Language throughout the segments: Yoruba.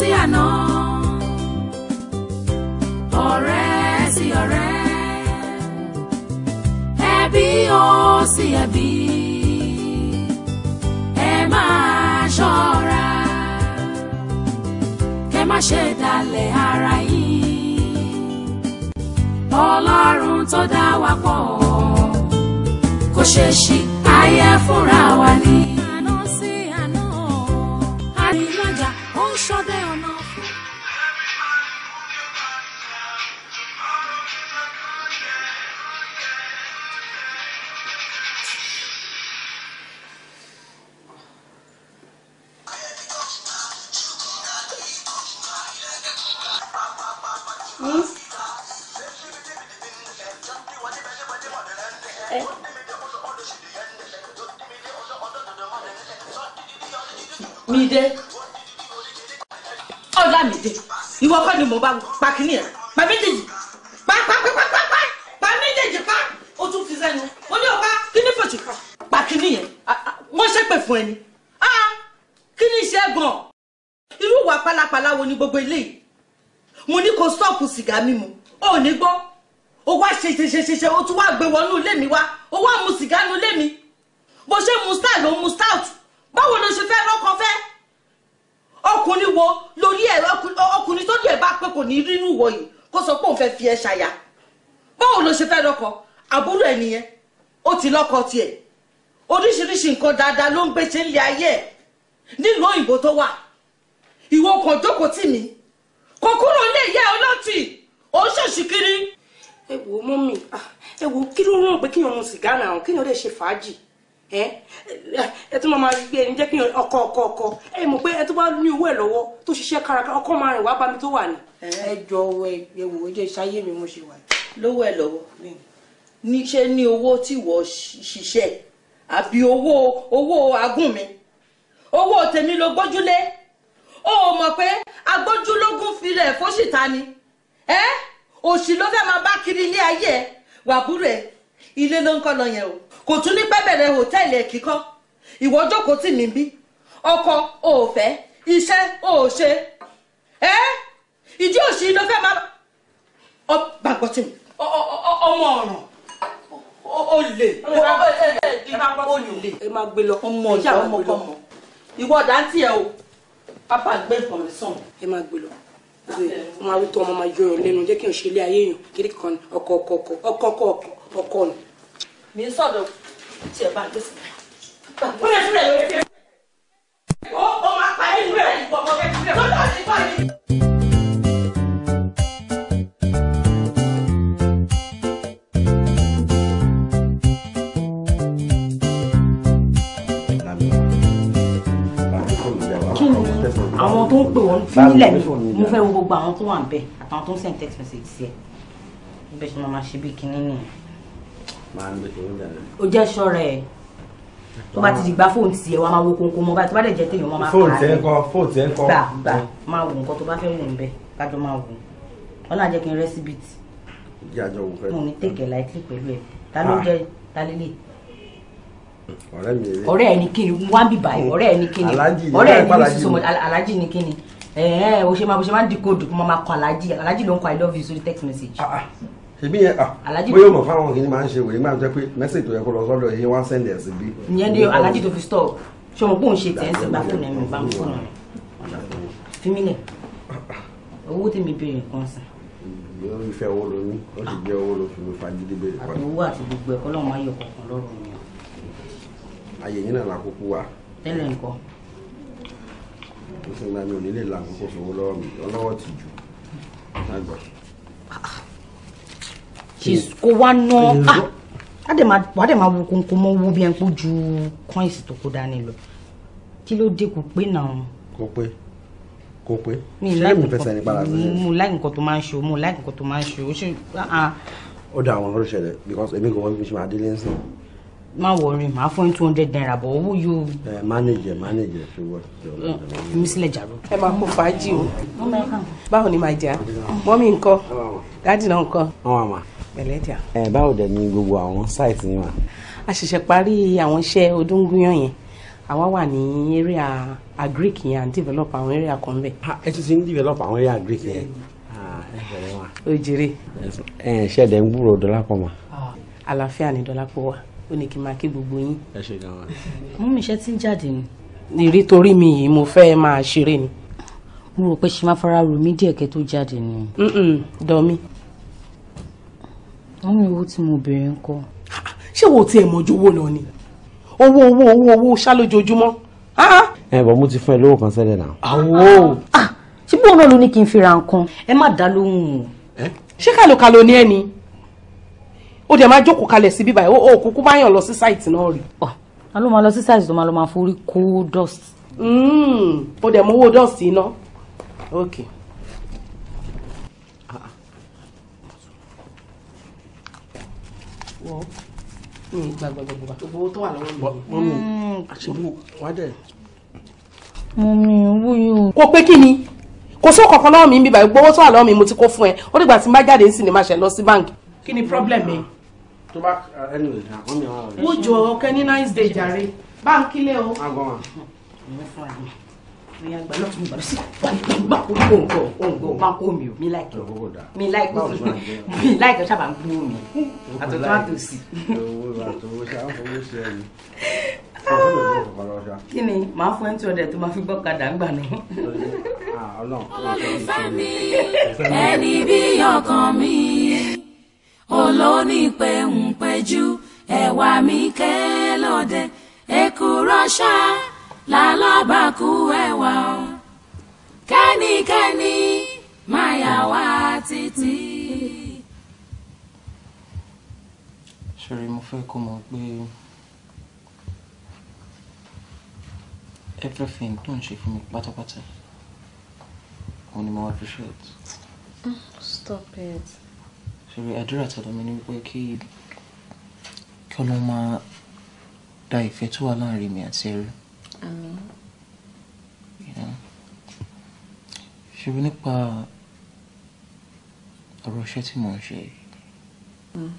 sí àná ọ̀rẹ́ sí ọ̀rẹ́ ẹbí ó sí ẹbí ẹ máa ṣọ́ra kẹ má ṣe dalẹ̀ ara yín ọlọ́run tó dá wa pọ̀ kò ṣeé ṣí ayé fúnra wa ni. সদায় অনা bá pa kínní ẹ̀ pa méjèèjì pa pa pa pa pa pa pa méjèèjì pa ó tún fi sẹ́nu ó ní ọ̀pá kínní fèsì pa pa kínní yẹn wọ́n ṣépè fún ẹni kínní ṣe é irú ìwà pálapàla wo ni gbogbo eléyìí mo ní kó stọ́ọ̀pù sìgá mímu ó ní gbọ́ ó wá ṣe ṣe ṣe ṣe ó tún wá gbé wọnú ilé mi wá ó wá mu sìgá nu ilé mi bó ṣe mu star ló mu stout báwo ló ṣe fẹ́ lọ́kọ fẹ́ ọkùnrin wo lórí ẹ ọkùnrin tó dẹ̀ bá pé kò ní rírú wọ yìí kó sọ pé òun fẹ́ fi ẹ ṣàyà báwo ló ṣe fẹ́ lọ́kọ àbúrò ẹ nìyẹn ó ti lọ́kọ tiẹ̀ oríṣiríṣi nǹkan dáadáa ló ń gbé ṣe ń lé ayé ẹ̀ nílùú òyìnbó tó wà ìwọ kan jókòó tì mí kò kúrò lé ìyá ọlọ́tì ó ṣèṣì kiri. ẹ wo mọ́mì ah, ẹ wo kí ló rán pé kíyàn mu sìgá náà kíyàn lè ṣe fàájì ẹ ẹ tún máa gbé ẹni jẹ́ kí ọkọ ọkọ ọkọ ẹ mọ̀ pé ẹ tún bá ní owó ẹ lọ́wọ́ tó ṣiṣẹ́ kárakára ọkọ máa rìn wá bá mi tó wà ní. ẹ jọ ọwọ ẹ wò ó jẹ ṣáyé mi mo ṣe wà. lówó ẹ ní ṣe ní owó tí wọ́n ṣiṣẹ́ àbí owó owó agún mi owó tèmi ló gbójúlé ó mọ̀ pé agbójúlógún filẹ̀ fóṣìta ni ẹ òṣì ló máa bá kiri ilé ayé wàbúrò ẹ̀ ilé ló ń kọ́ lọ yẹn o kò tún ní pẹ́ bẹ̀rẹ̀ hòtẹ́ẹ̀lì ẹ̀ kíkọ́ ìwọ jókòó tì mí bí ọkọ ò fẹ́ iṣẹ́ ò ṣe ẹ́ ìdí òṣì ló fẹ́ máa ọ gbàgbọ́ tì mí ọmọ ọ̀ràn o lè o lè ẹ máa gbé lọ ọmọ ìyá ọmọ kọmọ ìwọ dáńtì ẹ o pápá gbé ìbọn rẹ sàn ẹ máa gbé lọ ọmọ awítọ ọmọ máa yọ ọ lẹ́nu jẹ́ kí n ṣe ilé ayé yàn kiri kan ọkọ ọkọ ọkọ ọkọ ọkọ ọkọ ọkọ ni mi tó ń pè wọ́n fílẹ̀ mi mo fẹ́ wo gbogbo àwọn tó wà ń bẹ̀ àtàwọn tó ń send text sí ẹ bẹ́ẹ̀ ṣe máa ma ṣe bí kinní nìyẹn o jẹ́ sọ́ra ẹ̀ tó bá ti di gba fóònù tiẹ̀ wa máa wo kónkón mọ́ báyìí tó bá dẹ̀ jẹ́ téèyàn máa máa fóònù tẹ́ ń kọ́ fóònù tẹ́ ń kọ́. gbà gbà máa wò nǹkan tó bá fẹ́ wò ń bẹ̀ kájọ máa wò wọn náà jẹ́ kí n rẹ́síbìtì. ìyájọ wò fẹ́. mo ní tèkẹ́ láìpẹ́ pẹ̀lú ẹ̀ ta ló ah. jẹ́ ta lélẹ̀. ọ̀rẹ́ mi rẹ̀. ọ̀rẹ́ ẹ̀ ní kíni wá ń bì báyìí oh. ọ̀rẹ́ ẹ̀ ní kíni ọ̀rẹ́ ẹ̀ ní sísun alájì ní kíni ẹ̀ẹ́ o ṣe máa ń di kóòdù kó máa kọ alájì alájì ló ń kọ i love you sórí text message. Ah, ah ṣebí yẹn ah bóyá o mọ̀ fáwọn kìíní máa ń ṣe wèrè máa ń pé mẹ́sàgì tó yẹ kó lọ sọ́dọ̀ yìí wọ́n sẹ́ndẹ̀ ẹ̀ bí. ìyẹn ni alájí tó fi stop ṣé wọn ṣe tiẹ̀ ń sìn bá fún mi bá fún mi. fímílẹ̀ owó tèmi béèrè kan sàn. ìyẹn ìfẹ́ owó ló ní ó sì jẹ́ owó ló fi mi fagídí béèrè kan. àti owó àti gbogbo ẹ̀kọ́ lọ́wọ́ máa yọ kọ̀ọ̀kan lọ́rùn mi. ayé yín náà lákòókò wà. tẹ́lẹ̀ nǹkan. ó sì ń kò wá ná wàá ah! dẹ̀ máa wo kónkó mọ́ owó bí ẹ̀ ń pọ̀ ju coins tó kó dání lọ kí ló dé kò pé náà. kò pé kò pé ṣé mo fẹsẹ̀ ní padà sí. mo láì nǹkan tó máa ń ṣe o mo láì nǹkan tó máa ń ṣe o ṣe. Ah, ah. ó dá àwọn ọlọ́run because èmi kò wọ́n fi ṣe máa délé ń sìn. má wọrin màá fún two hundred naira bọ̀ owó yóò. ẹ mánéjẹ mánéjẹ ṣùgbọ́n. mi sílẹ̀ jàrú. ẹ máa kó fàájì o. báwo ni màá jà mọ́mí nǹkan dáàdì náà nǹkan. wọ́n wà pẹ̀lẹ́dìá. ẹ báwo dẹ̀ ni gbogbo àwọn sáìtì yín wà. a ṣẹ̀ṣẹ̀ parí àwọn iṣẹ́ odúngúyàn yẹn àwa wà ní area agric yẹn and develop àwọn area kan bẹ̀. Ah, ẹ ti ti ń develop àwọn area agric yẹn ah, ẹ bẹ̀rẹ̀ wa. o jèrè. ẹ ṣẹ̀dẹ̀ ń gbúrò dọ́lápọ̀ mọ́. Ah. àlàáfíà ni dọ́lápọ̀ wà ó ní kí n máa kí gbogbo yín. ẹ ṣe gan wa. mú mi iṣẹ́ tí ń jáde ni. ìrí torí mi yìí mo fẹ́ máa ṣeré ni. mo rò pé ṣe máa fara rò mí díẹ̀ kẹ́ tó jáde ni. dọ̀ mi mú mi owó tí mo bèrè ń kọ. ṣé wo tiẹ̀ mọ̀jú owó lọ ni owó owó owó owó ṣá lójoojúmọ́. Ah! ẹ bọ̀ mo ti fún ẹ lówó kan sẹ́lẹ̀ náà. àwo. Ah! ṣé bóun náà ló ní kí n fi ra nǹkan ẹ má dá lóhùn o. ṣé kàlòkàlò ni ẹ ni ó dẹ̀ máa jókòó kalẹ̀ síbí báyìí ó kúkú máa yàn lọ sí sáìtì náà rí. ọ̀ a ló máa lọ sí sáìtì tó máa lọ máa forí kó dust. ó hmm, dẹ̀ mú owó dust iná. okay. wọ́n mi gbàgbàgbàgbà gbogbo owó tó wà lọ́wọ́ mi. mọ́mí hmm. àṣìlú wá dẹ̀. mọ́mí owó yóò. kò pé kí ni kò sóò kankan lọ́wọ́ mi ń bíbá gbogbo owó tó wà lọ́wọ́ mi mo ti kó fún ẹ ó dìgbà tí n bá jáde ń sì ní máa ṣe lọ sí báǹkì. kí ni problem mi. tó bá uh, anyway àwọn mi àwọn. wújọ ọkẹ ní nice day jàre báǹkì lé o. àgọ́ wa ìyá àgbà náà tún gbà sí gbà kí ni màá fún ẹni ọdẹ tó máa fi gbọ́kadà gbà náà. olólùfẹ́ ah, ẹni bí ọkàn mi olónípe ń pẹ́jú ẹ̀wà mi kẹ́ lọ́dẹ ẹ̀kú rọ́ṣà lálábàkú ẹwà o kẹ́nikẹ́ni máa yà wá títí. ṣeré mo fẹ́ kó mọ̀ pé everything tó ń ṣe fún mi pátápátá òun ni mo appreciate. Mm, stop it. ṣeré àdúrà tọ̀dọ̀ mi ni wípé kí kí ọlọ́run máa da ìfẹ́ tó wà láàrin mi àti ẹrú. Àmín. ṣùgbọ́n nípa ọ̀rọ̀ iṣẹ́ tí mò ń ṣe hmm.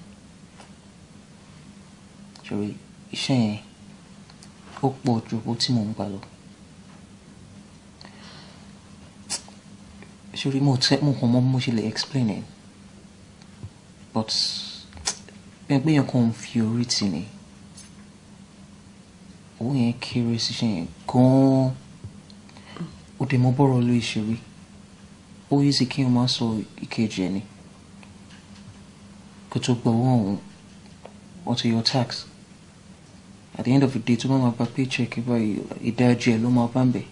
ṣòro iṣẹ́ yẹn ó pọ̀ ju owó tí mò ń gbà lọ. ṣòro mo tẹ́ mo kàn mọ́ mo ṣe lè explain it but pé pé yẹn kàn ń fi orí tì ní owó yẹn kéré síṣẹ́ yẹn gan-an ó dẹ̀ mọ́ bọ́rọ̀ ló ìṣeré ó yí sí kí n máa sọ ìkejì ẹ̀ ni kó tó gbọ́ owó ọ̀hún wọ́n ti yọ tax at the end of the day tó bá máa gba paycheck báyìí ìdajì ẹ̀ ló máa bá ń bẹ̀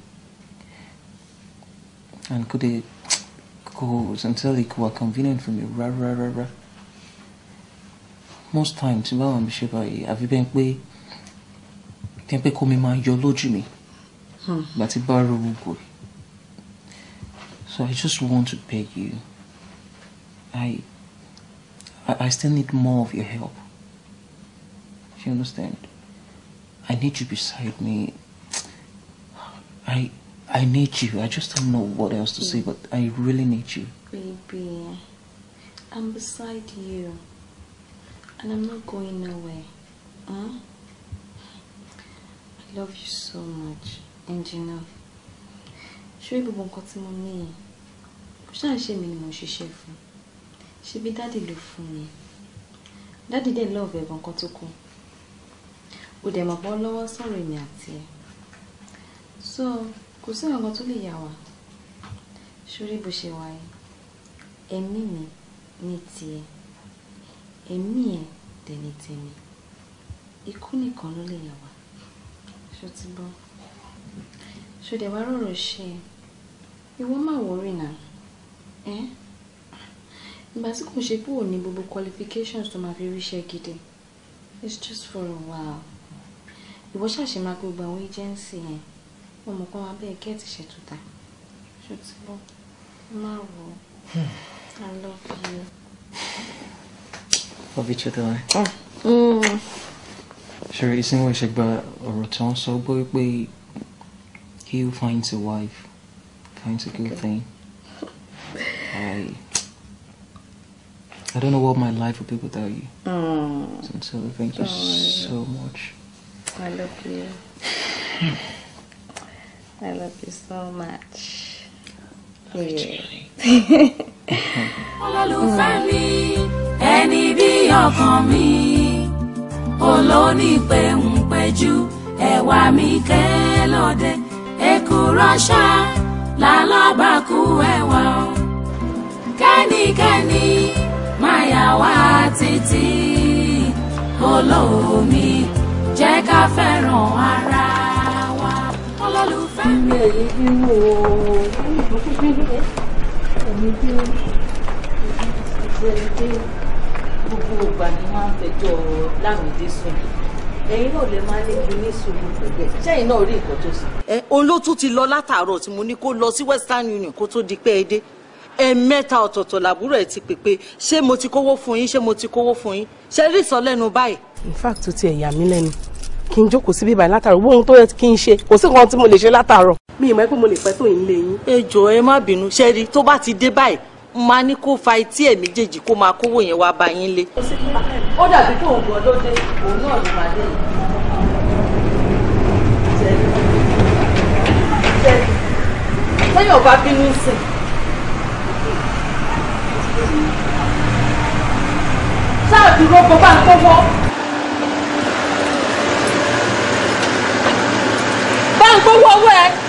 and kó dẹ̀ kó santẹ́lì kó wà convenient for me rárá rárá most times báwọn mi ṣe báyìí àfi bẹ́ẹ̀ pé. tí n pé kó mi yọ lójú mi hmm. but tí bá rọ gbogbo so I just want to beg you I I, still need more of your help you understand I need you beside me I I need you I just don't know what else to say but I really need you. Baby, I'm beside you and I'm not going nowhere. Huh? love you so much engineer ṣé gbogbo nǹkan tí mo ní yìí kò ṣáà ṣe mi ni mo ṣiṣẹ́ fún ṣe bí dádì ló fún mi dádì love lọ́ọ̀bù ẹ̀gbọ́n kan tó kù ó dẹ̀ mọ̀ pọ́ lọ́wọ́ sọ̀rọ̀ èmi àti ẹ̀ so kò sí nǹkan tó lè yà wá sórí bó ṣe wáyé ẹ̀mí mi ní tiẹ̀ ẹ̀mí ẹ̀ dẹ̀ ní tèmi ikú nìkan ló lè yà wá ṣó ti bọ́ ṣó dẹ̀ wá rọ̀rọ̀ ṣe ìwọ má wọrí nà ẹ́ ìgbà tí kò ṣe pé ò ní gbogbo qualifications tó máa fi ríṣẹ́ gidi it's just for a while ìwọ ṣàṣì máa gbogbo àwọn agency yẹn ọmọ kan wá bẹ́ẹ̀ gẹ́ẹ̀tì ṣètúta ṣó ti bọ́ má wọ I love you. Love each other. Eh? Ah. Mm. ṣeré ìsìnwó ìṣègbà ọ̀rọ̀ tí wọ́n sọ but we, he who finds a wife finds a good thing. I, I don't know what my life would be without you. Oh. Sincerely, thank you oh, so much. I love you. I love you so much. Love yeah. you, olónípe ń pẹ́jú ẹ̀wà mi kẹ́ lọ́dẹ èkùrọ́ ṣá lálábàkú ẹ̀wà o kẹ́nikẹ́ni máa yà wá títí olómi jẹ́ ká fẹ́ràn ara wa olólùfẹ́ mi. Thank you gbogbo ìgbà ni máa ń fẹjọ́ Lámìdé sùn ẹ̀yin náà lè máa ní ní sùúrù gbogbo ẹ náà rí nǹkan tó sùn. ẹ òun ló tún ti lọ látàárọ̀ tí mo ní kó lọ sí Western Union kó tó di pé ẹ dé ẹ̀ẹ̀mẹ́ta làbúrò ẹ̀ ti pèpè ṣé mo ti kówó fún yín ṣé mo ti kówó fún yín ṣé rí sọ lẹ́nu báyìí. in fact ó ti ẹ̀yà mí lẹ́nu kí n jókòó síbí báyìí látàárọ̀ owó ohun tó yẹ kí n ṣe kò sí nǹkan tí mo lè ṣe látàárọ̀ mi ì mọ̀ pé mo lè pẹ́ tó yín lé yín. ẹ jọ̀ọ́ ẹ má bínú ṣẹ́ẹ́rí tó bá ti dé báyìí máa ní kó fa etí ẹ̀ méjèèjì kó máa kówó yẹn wá bá yín lé. ó dàbí kó òun gan ló dé òun náà ló máa dé yìí. sẹ́yìn ọba bínú sìn. sáà dúró kó bá ń kówó. bá ń owó ẹ.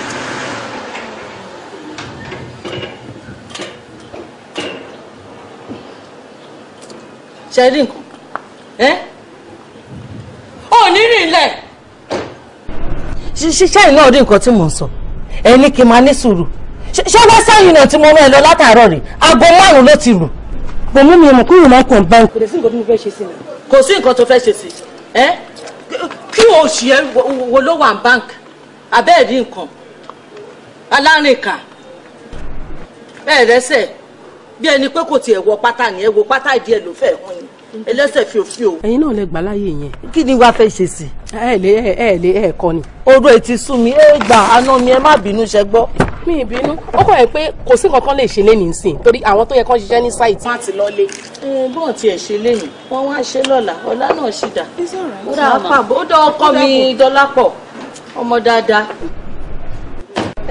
ṣe rí nǹkan ẹ́ ò ní rìn lẹ̀. ṣíṣe iná rí nǹkan tí mò ń sọ ẹ ní kí n máa ní sùúrù ṣé bá sẹ́yìn náà tí mo rán ẹ lọ látàárọ̀ rè aago márùn-ún ló ti rù. bòmí mi mọ̀ kúrò máa kàn báyìí. kò sí nǹkan tó fẹ́ ṣe sí i. kò sí nǹkan tó fẹ́ ṣe sí i kí oṣù yẹn wo ló wà ní abẹ́ẹ̀ rí nǹkan alárìnká bẹ́ẹ̀ rẹ́sẹ̀ bí ẹni pé kò tiẹ̀ wọ pátá ni ẹ wo pátá ìdí ẹ ló hàn yín. ẹlẹ́sẹ̀ fi òfin o. ẹ̀yin náà lè gbà láàyè yẹn. kí ni wàá fẹ́ ṣe sí. ẹ lè ẹ lè ẹ kọ ni. oró etí sún mi ẹ gbà àná mi ẹ má bínú ṣe gbọ́. mi ìbínú ó kọ̀ ẹ́ pé kò sí nǹkan kan lè ṣe lẹ́nu ìsìn torí àwọn tó yẹ kán ṣiṣẹ́ ní sáìtì. wọ́n ti lọ́lé. bọ́ọ̀ tiẹ̀ ṣe lẹ́yìn wọ́n wá ṣe lọ́la ọ̀la náà ṣì dà. ó dá ọkọ mi dọ́lápọ̀ ọmọ dáadáa.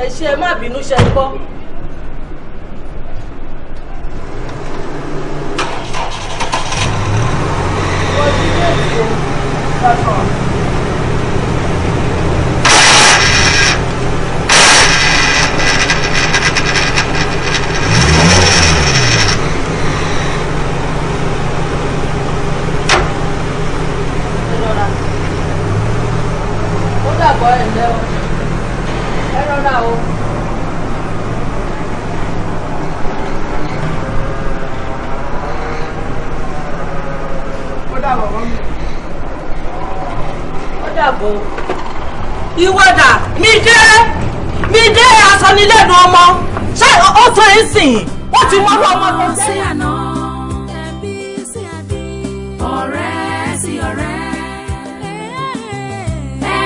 ẹ ṣe má bínú ṣe gbọ́. Tá bom. ọ̀rọ̀ sí sí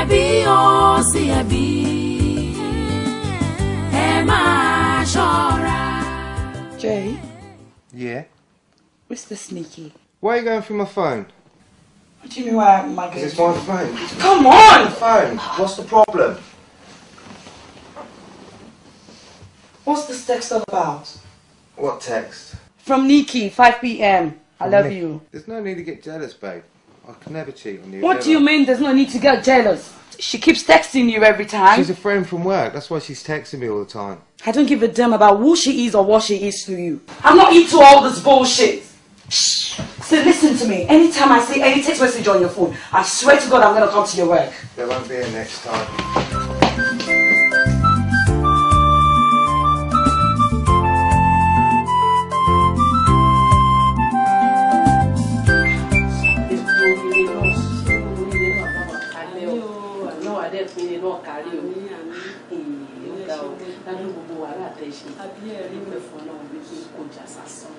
sí ó sí ẹ Jay. Yeah? Where's the sneaky? Why are you going through my phone? What do you mean why my Because it's my phone. Come on! The phone. What's the problem? What's this text all about? What text? From Nikki, 5 p.m. I love Nick. you. There's no need to get jealous, babe. I can never cheat on you. What do you mean there's no need to get jealous? She keeps texting you every time. She's a friend from work. That's why she's texting me all the time. I don't give a damn about who she is or what she is to you. I'm not into all this bullshit. Shh. So listen to me. Anytime I see any text message on your phone, I swear to God I'm going to come to your work. There won't be a next time. àbí ẹ̀rí mẹ́fọ́ náà ní kí kò jà sásán.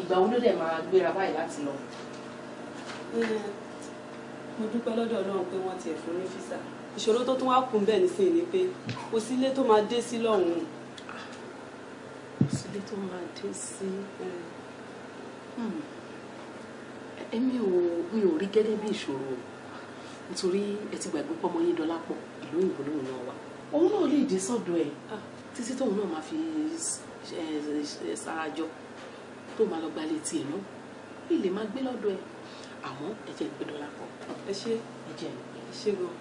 ìgbà wo ló dẹ̀ máa gbéra báyìí láti lọ. mo dúpẹ́ lọ́dọ̀ náà pé wọ́n tiẹ̀ fún ní físà ìṣòro tó tún wá kún bẹ́ẹ̀ nísìnyí ni pé kò sí ilé tó máa dé sí lọ́hùn-ún. kò sí ilé tó máa dé sí hmm, èmi ò mi ò rí gẹ́gẹ́ bí ìṣòro nítorí ẹ ti gbàgbé pọ́mọ dọ́là pọ̀ ìlú òyìnbó lòun náà wà òun náà lè dé sọ́dọ̀ ẹ̀ ah. títí tóun náà máa fi sarajọ tó máa lọ gba létí ẹ̀ náà ilé máa gbé lọ́dọ̀ ẹ̀ àmọ́ ẹ̀jẹ̀ ń pè dọ́là pọ̀ ẹ ṣe ẹ̀jẹ̀ ẹ ṣe gan.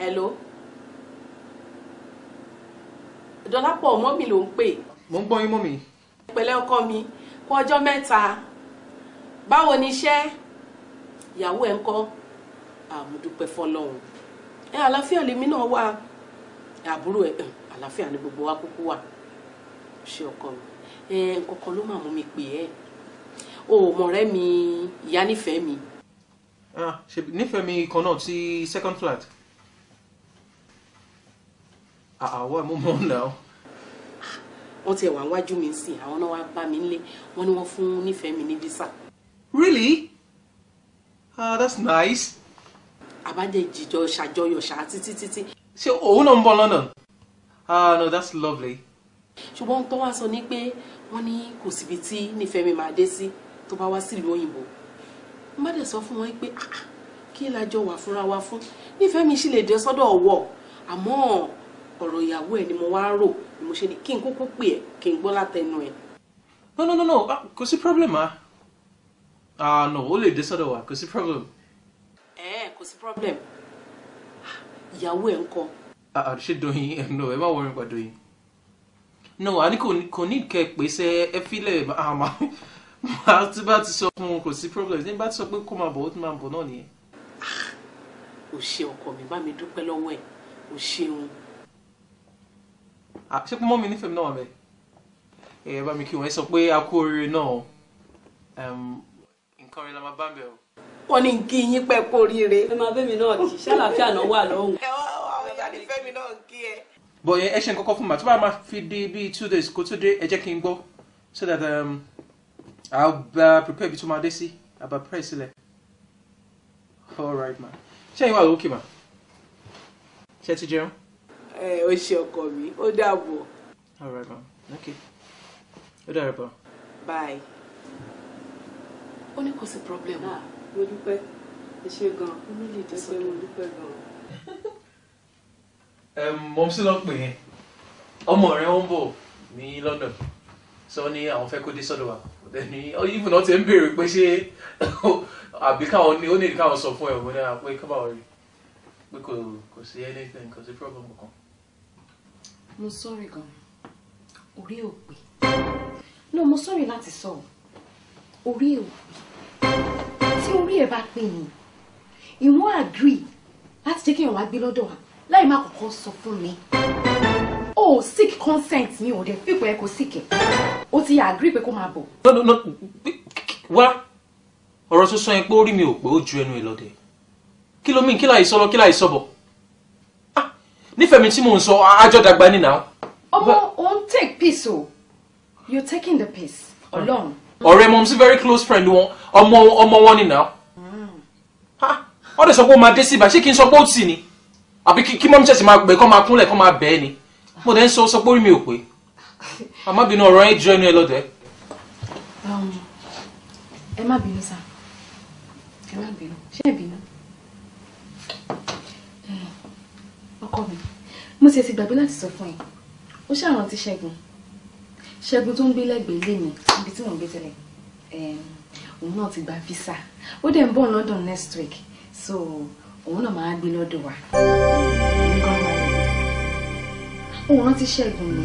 hello dọ́lápọ̀ mọ́mì ló ń pè. mo ń gbọ́ yín mọ́mì. pẹ̀lẹ́ ọkọ mi kú ọjọ́ mẹ́ta báwo ni iṣẹ́ ìyàwó ẹ̀ ń kọ́ àmúdúpẹ́ fọlọ́run ẹ àlàáfíà lèmi náà wà àbúrò ẹ àlàáfíà ni gbogbo wa kúkú wà ṣe ọkọ mi ẹ nkankan ló máa mú mi pè ẹ o mọ̀rẹ́ mi ìyá nífẹ̀ẹ́ mi. nífẹ̀ẹ́ mi kan náà ti second flat. àwọn ẹ̀ mú mọ́ náà wọ́n ti wà wájú mi sí àwọn náà wá bá mi nílé wọ́n ní wọ́n fún nífẹ̀ẹ́ mi ní visa. really? ah that's nice. àbájẹjìjọ ṣàjọyọ̀ ṣá títí títí. ṣé òun náà ń bọ̀ lọ́nà? ah no that's lovely. ṣùgbọ́n tó wá sọ ni pé wọ́n ní kò síbi tí nífẹ̀ẹ́ mi máa dé sí tó bá wá sílùú òyìnbó. n bá dẹ̀ sọ fún wọn pé ah, kí lájọ wà fúnra wa fún nífẹ̀ẹ́ mi sì lè dé sọ́dọ̀ ọ̀wọ́ àmọ́ ọ̀rọ̀ ìyàwó ẹ̀ ni mo wá rò mo ṣe ni kí n kúkú pè ẹ́ kí n gbọ́ látẹnu ẹ̀. no no no no ah, kò sí problem ah ah no ó lè dé sọ́dọ̀ wa kò sí problem. ẹ ẹ kò sí problem ah, ìyàwó ẹ̀ ń kọ́. àṣé ah, Doyin ẹ eh, no ẹ má wọrin pa Doyin no àní kò ní kẹ pèsè ẹ fílẹ̀ àmà tí bá ti sọ fún un kò sí problem ní bá ti sọ pé kó máa bọ̀ ó ti máa bọ̀ náà nìyẹn. o ṣe ọkọ mi bá mi dúpẹ́ lọ́wọ́ ẹ̀ o ṣeun. Ah, ṣé pé mọ́mí nífẹ̀ẹ́ mi náà wà bẹ́ẹ̀ ẹ bá mi kí wọn ẹ sọ pé a kú oríire náà nǹkan rẹ la máa bá bẹ̀ o. wọ́n ní kí yín pẹ́ kú oríire. ẹ máa bẹ́mi náà kì í ṣàlàáfíà náà wà lọ́hùn. ẹ wá wá ọjà ní fẹ́mi náà kí ẹ. bọ̀ ẹ ṣe nǹkan kan fún mi àti báyìí máa fi dé bíi two days kó tó dé ẹ jẹ́ kí n gbọ́ so that um, I'll uh, prepare ibi tó máa dé sí àbá prepare sílẹ̀. all right ma ṣé ìwà òkè ma ṣé ti jẹun o ṣe ọkọ mi ó dàbọ̀. ó dàrọ̀ ẹ̀bọ̀n. bye. ó ní kò sí problem. Ah, mo dúpẹ́ ẹ ṣe gan-an mo lè dé pé mo dúpẹ́ gan-an. mo sì lọ pè é ọmọ rẹ ń bọ̀ ní London sọ ní àwọn fẹ́ kó dé sọ́dọ̀ wa ẹni even náà ti ń béèrè pé ṣé àbí káwọn ní ó ní káwọn sọ fún ẹ òun náà ah, pé kábàáwọn rí pé kò sí anything kò sí problem kankan mo sọ́rí gan orí ò pé no mo sọ́rí láti sọ orí ò pé tí orí ẹ̀ bá pè yín ìwọ́n agree láti jẹ́ kí èèyàn wá gbé lọ́dọ̀ wa láì má kọ́kọ́ sọ fún mi o ò seek consent mi ò dẹ̀ fipò ẹ kò seek ẹ̀ o ti agree pé kó máa bọ̀. no no no wá ọ̀rọ̀ tó sọ yẹn pé ó rí mi ò pé ó ju ẹnu ẹ lọ dẹ̀ kí ló mìíràn kí láì sọ lọ kí láì sọ bọ̀ nífẹ̀ẹ́ mi tí mò ń sọ àjọdàgbà ni now. ọmọ òun take peace o you taking the peace ọlọ́run. ọ̀rẹ́ mọ̀ sí very close friend wọn ọmọ ọmọ wọn ni now. wọ́n dẹ̀ sọ pé ó máa dé síbà ṣé kí n sọ pé ó tì ní àbí kí mọ́mí ṣẹ̀ṣẹ̀ máa gbé kọ́ máa kúnlẹ̀ kọ́ máa bẹ́ẹ̀ ni mo dẹ̀ ń sọ sọ pé orí mi ò pé àmọ́ bínú ọ̀rọ̀ ẹ̀ jọ inú ẹ lọ́dẹ. Um, ẹ má bínú sá ẹ má bínú ṣé ẹ bínú eh, ọkọ mi mo sì ti gbàgbé láti sọ fún ẹ ó ṣàrántí ṣẹ́gun ṣẹ́gun tó ń gbé lẹ́gbẹ̀ẹ́ lé mi ibi tí mò ń gbé tẹ́lẹ̀ òun náà ti gba visa ó dẹ̀ ń bọ̀ London next week so òun náà máa gbé lọ́dọ̀ wa òun rántí ṣẹ́gun ni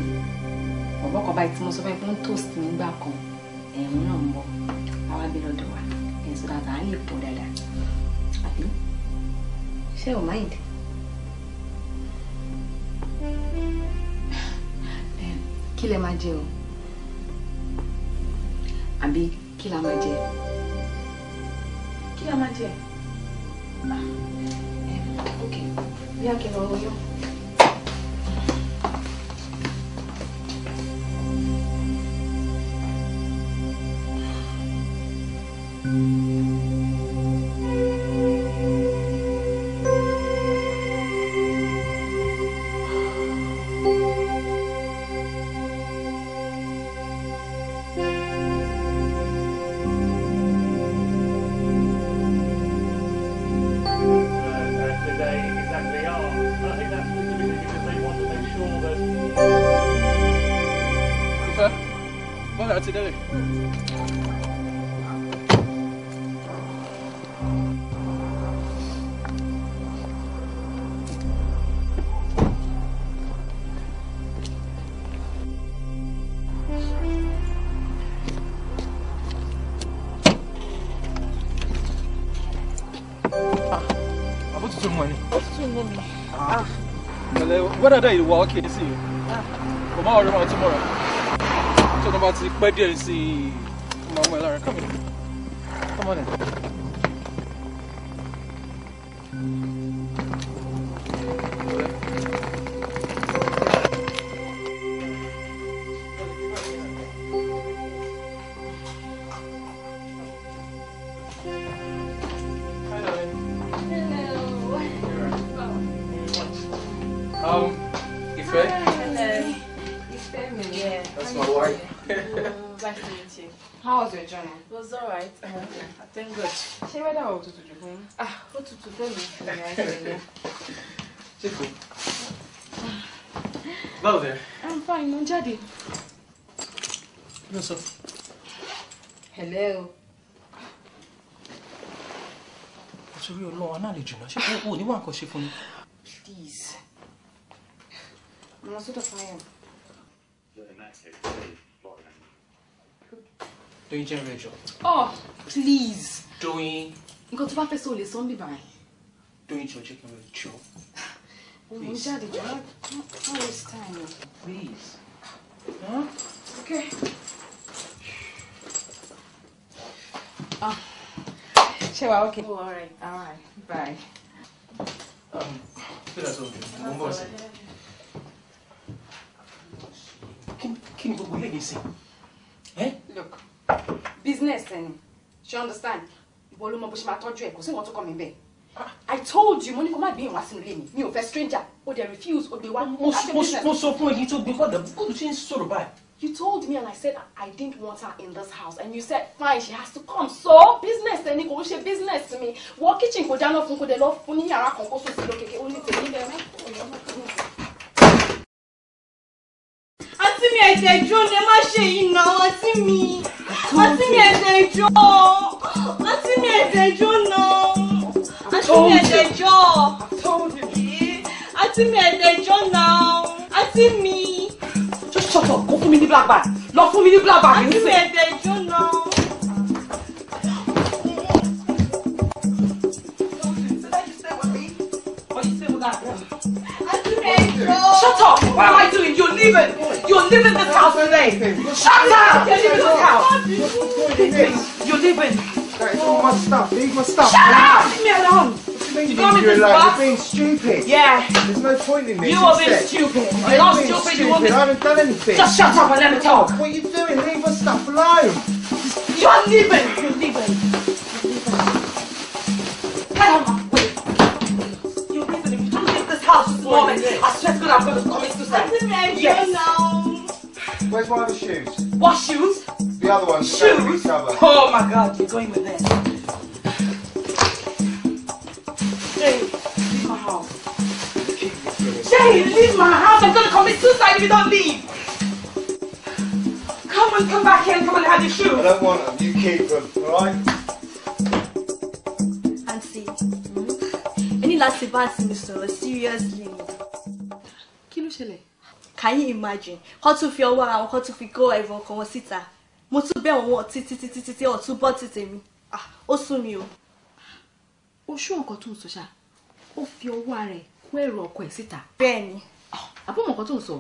ọ̀bọ̀ kan báyìí tí mo sọ fún ẹ pé ń toast nígbà kan òun náà ń bọ̀ àwa gbé lọ́dọ̀ wa ẹ̀sùn àtàwọn lè pọ̀ dáadáa àbí ṣé o mind. kí lẹ máa jẹ o àbí kí la máa jẹ kí la máa jẹ ah, eh, ok bí a kì í lọ yọ. wẹ́dà dẹ̀ ìwà ọ̀kẹ́ sí i kò tomorrow tó tó bá ti pẹ́ díẹ̀ Schiffung. Stieß. Machst du das rein? Doing generation. Oh, please. Doing. Nǹkan tó bá fẹ́ sọ lè sọ ń bì báyìí. Doing jọ jẹ́ kí n lọ jọ. Òun jáde jọ. Don't waste time. Please. Huh? Ok. Ah. Ṣé ok. okay? Oh, all right, all right, bye. kí ni gbogbo eléyìí sìn. look business and she understand ìwọ ló mọ bó ṣe máa tọ́jú ẹ kò sí ìwọ tó kọ́ mi bẹ́ẹ̀. I told you money ní kó being gbé ìwà sínú ilé a mi stranger o they refuse they want most? Most, most, fún èyí tó gbé fọdà bó the good things to báyìí. You told me and I said I didn't want her in this house and you said fine she has to come so business ẹni go ń ṣe business to me wọ kitchen kò dáná fún kò dé lọ fún ní yàrá kan kó sùn sí lókèké ó ní tèmi me. àǹtí mi ẹ̀jẹ̀ ìjó ni ẹ má ṣe ìnà àǹtí mi àǹtí mi ẹ̀jẹ̀ ìjó àǹtí mi ẹ̀jẹ̀ ìjó nà àǹtí mi ẹ̀jẹ̀ ìjó àǹtí mi ẹ̀jẹ̀ ìjó nà àǹtí mi shut up kó fún mi ní black bag lọ fún mi ní black bag nísìnyí. àti ẹ̀dẹ̀ ìjọ́nà. Shut up! What am I doing? You're leaving! You're leaving this house today! Shut up! You're leaving this house! You're leaving! Guys, you must stop! Leave my stuff! Shut up! Leave me alone! just made you realise you're being stupid. Yeah. There's no point in this. You are being stupid. I'm not stupid, you want I haven't done anything. Just shut up and let me talk. What are you doing? Leave us stuff alone. You're leaving. You're leaving. Get out of my way. You're leaving. If you don't leave this house this morning, I swear to God I'm going to commit suicide. Yes. No. Where's my other shoes? What shoes? The other ones. Shoes? Oh my God, you're going with this. house. Jay, leave my house. I'm going to commit suicide if you don't leave. Come on, come back here and come and have your shoes. I don't want them. You keep them, alright? Auntie, hmm? any last advice, Mr. Seriously. Kí ló ṣẹlẹ̀? Can you imagine? How to fi ọwọ́ and how to fi kó ẹ̀rọ ọkàn wọn síta. Mo tún bẹ̀ wọ́n títí títí títí ọ̀tún bọ́ títí mi. Ah, ó sún mi o. Oṣù ọ̀kan tó ń sọ ṣáà ó fi ọwọ́ rẹ̀ kó ẹ̀rù ọkọ ẹ̀ síta. bẹ́ẹ̀ ni. àbúrò mọ̀kọ́ tó ń sọ.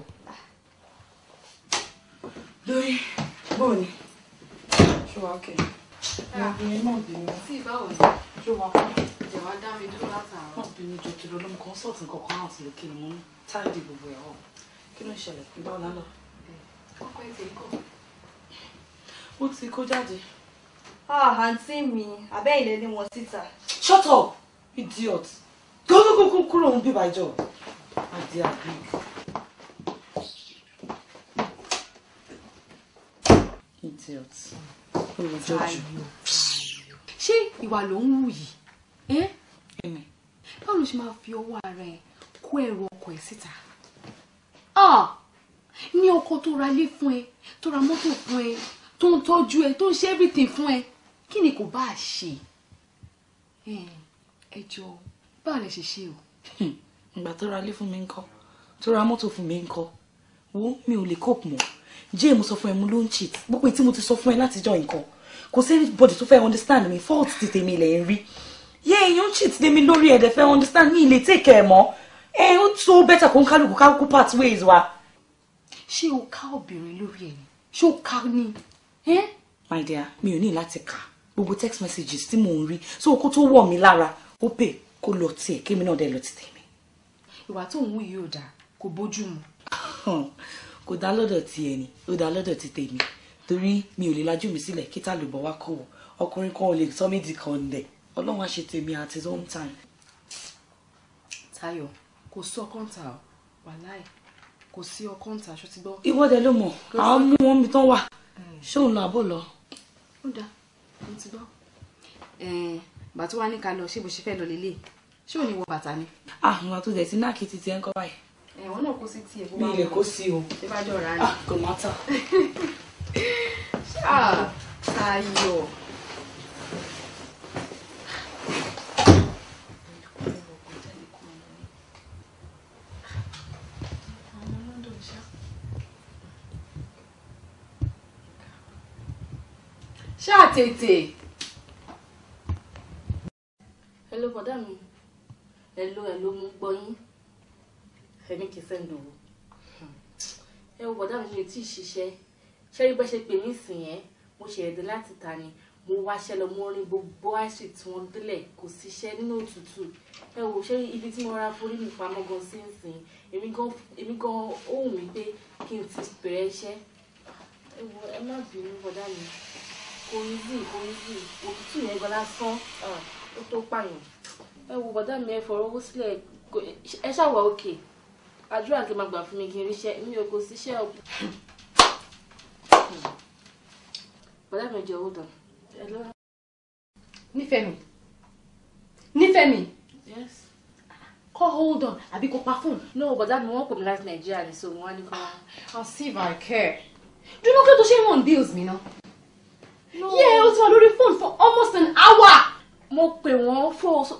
lórí bóò ni ṣọwọ́ ọkẹ́ ọmọbìnrin náà bínú. tí ìbáwò ni ṣọwọ́ ọkẹ́ ìjọba dá mi dúró látàárọ̀. wọ́n bínú jọjọ lọ lóun kan sọ̀tún kankan àwọn àti lókè mú táàdì gbogbo ẹ̀ hàn kí ló ń ṣẹlẹ̀ ìgbà ọ̀la lọ. ọkọ ẹ̀ ti kọ́. ó ti kó jáde. ah àǹtí mi àbẹ́ ìlẹ́lẹ́ wọn síta. shut up idiot kókókókó kúrò ń bíbá ìjọ àti àbí. idiot olùjọ́jú. ṣé ìwà ló ń wù yìí báwo ló ṣe máa fi ọwọ́ ara ẹ kó ẹrù ọkọ ẹ síta ní ọkọ tó ra ilé fún ẹ tó ra mọ́tò fún ẹ tó ń tọ́jú ẹ tó ń ṣe everything fún ẹ kí ni kò bá ṣe ẹ jọ̀ọ́ báà lè ṣe ṣe o. Hmm, ìgbà tó ra ilé fún mi ń kọ́ tó ra mọ́tò fún mi ń kọ́ wo mi ò lè cope mọ́ jẹ́ mo sọ fún ẹ mo ló ń cheat gbogbo tí mo ti sọ fún ẹ látijọ́ nǹkan kò sí anybody tó fẹ́ understand me? fault ti tèmi lẹ̀ ń rí yé èèyàn cheat lé mi lórí ẹ̀dẹ̀ fẹ́ understand mi lè take ẹ̀ mọ́ ẹ ó tó better kó ń kálukú ká kú part ways wa. ṣé o ká obìnrin lórí ẹ ni ṣé o ká ni. my dear mi ò ní láti kà gbogbo text messages tí mò ń rí so kó tó wọ̀ mí lára ó pè kó lọ tiẹ̀ kémi náà dẹ̀ lọ ti tèmi. ìwà tó ń wù yìí ò dáa kò bójú mu. kò dá lọ́dọ̀ ti ẹni ó dá lọ́dọ̀ ti tèmi torí mi ò lè lajú mi sílẹ̀ kí tá lùbọ̀ wá kọ̀ wọ̀ ọkùnrin kan ò lè sọ mí di kan lẹ̀ ọlọ́run á ṣe tèmi at his time. Táyọ̀ kò sí ọkàn ta ọ wàláì kò sí ọkàn ta aṣọ ti gbọ́. ìwọ́de ló mọ̀ àwọn mú wọn mi tán wà mm. ṣé òun lọ àbò lọ. ó dáa mo ti gbọ́ bàbá tó wá ní ká lọ ṣé bó ṣe fẹ́ lọ lélẹ̀ ṣé ò ní wọ bàtà ni. Ah, àwọn àti òdẹ̀ tí náà kì í ti tiẹ̀ ń kọ́ báyìí. ẹ̀wọ̀n náà kó sí tiẹ̀ bó bá wù. mi ì kó sí o. ṣé bá jọ ra ah, kò má tà. Ah, Ayọ̀. ṣáà tètè hello bọ̀dá mi hello hello mo gbọ́ yín ẹni kì í sẹ́ńdò wò ẹ wo bọ̀dá mi mi tí ì ṣiṣẹ́ ṣẹ́rí bẹ́ẹ̀ ṣe pè mí sìn yẹn mo ṣe ẹ̀dẹ̀ láti ta ni mo wáṣẹ́ lọ mo rin gbogbo àìsí tí wọ́n délẹ̀ kò síṣẹ́ nínú òtútù ẹ wò ṣé ibi tí mo ra forí mi pamọ́ gan sí ń sìn èmi gan ó wù mí pé kí n ti bẹ̀rẹ̀ iṣẹ́ ẹ wò ẹ má bínú bọ̀dá mi kò ní bí kò ní bí òtútù yẹn gan lásán. Ah ó tó pààyàn. ẹ wo bàdá mi ẹ fọ̀rọ̀ owó sílẹ̀ ẹ ṣàwà òkè àdúrà kí n máa gbà fún mi kí n ríṣẹ́ mi ò kò síṣẹ́ ọ̀. bàdá mi jẹ́ owó dàn. nífẹ̀ẹ́ mi yes. kọ́ hold on àbí kò pa fóònù. no bàdá mi wọ́n pè mí láti nàìjíríà ní so wọ́n á ní kọ́. i'll see if i care. dúró kí ló tó ṣe ń wọ̀n bills mi náà. no yeah ó ti wà lórí phone for almost an hour mo pè wọ́n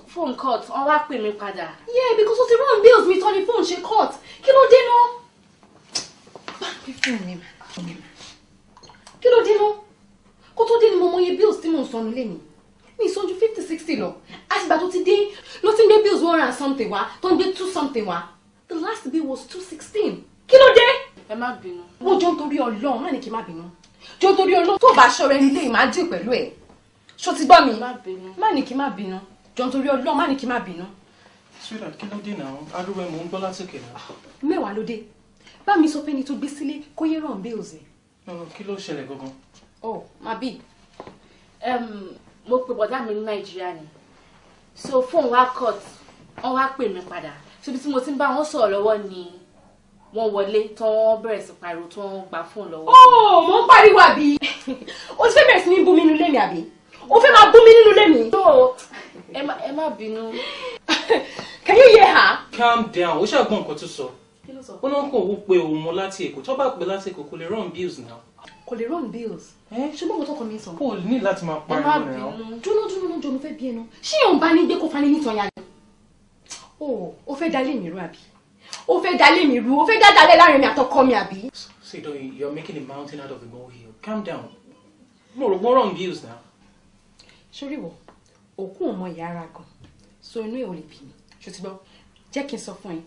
phone cut wọ́n wá pè mí padà. yeah because o ti run bills mi tán ni phone ṣe cut kí ló dé ná. kí ló dé ná kó tó dé ni mo mọ iye bills tí mò ń sọnù lé mi mi ìsanjú fifty sixty lọ àtìgbà tó ti dé ló ti ń gbé bills one hundred something wá tó ń gbé two something wá the last bill was two sixteen kí ló dé. ẹ má bínú. wọ́n jọ ń torí ọlọ́run náà ni kí n má bínú jọ ń torí ọlọ́run tó bá ṣọ́ra ẹni lè pẹ̀lú ẹ̀ ṣó ti gbọ́ mi má ní kí má bínú jọ nítorí ọlọ́run má ní kí má bínú. sùúrà kí ló dé náà arúgbó mò ń gbọ́ látòkè náà. mẹ́wàá ló dé bá mi sọ pé ẹni tó gbé sílé kó yé ràn bẹ́ẹ̀ òsè. kí ló ṣẹlẹ̀ gangan. ọ má bì mo pe bọ̀dá mi ní nàìjíríà ni so fóun wá cut wọ́n wá pè mí padà síbi tí mo ti ń bá wọn sọ̀rọ̀ lọ́wọ́ ni wọ́n wọlé tó wọ́n bẹ̀rẹ̀ sí pariwo tó wọ́n gba fóun lọ́wọ́. ó oh, mò ń pariwo àbí o ti fẹ́ bẹ̀rẹ̀ sí ní bú mi nulẹ̀ mi àbí o fẹ́ máa gún mi nínú ilé mi. ẹ má bínú. can you hear her. calm down ó ṣàgbọ́n nǹkan tó sọ ó náà kò wú pé òun mọ láti èkó tó bá pè láti èkó kò lè run bills now. kò lè run bills. ṣùgbọ́n mo tọkọ mi sọ. kò ní láti máa pariwo rẹ o. dúró dúró lójú omi fẹ́ bí ẹnu ṣé òun bá ní gbé kó fani nítan ya ni. o ò fẹ́ dalé mi rú àbí o fẹ́ dalé mi rú o fẹ́ dádalẹ̀ láàrin mi àtọkọ mi àbí. Sido, you're making a mountain out of a molehill. Calm down. mo rò gbọ́n run bills now sórí wọ òkú ò mọ ìyá ara gan so inú ẹ ò lè bí mi ṣòtìgbọ́ jẹ́ kí n sọ fún ẹ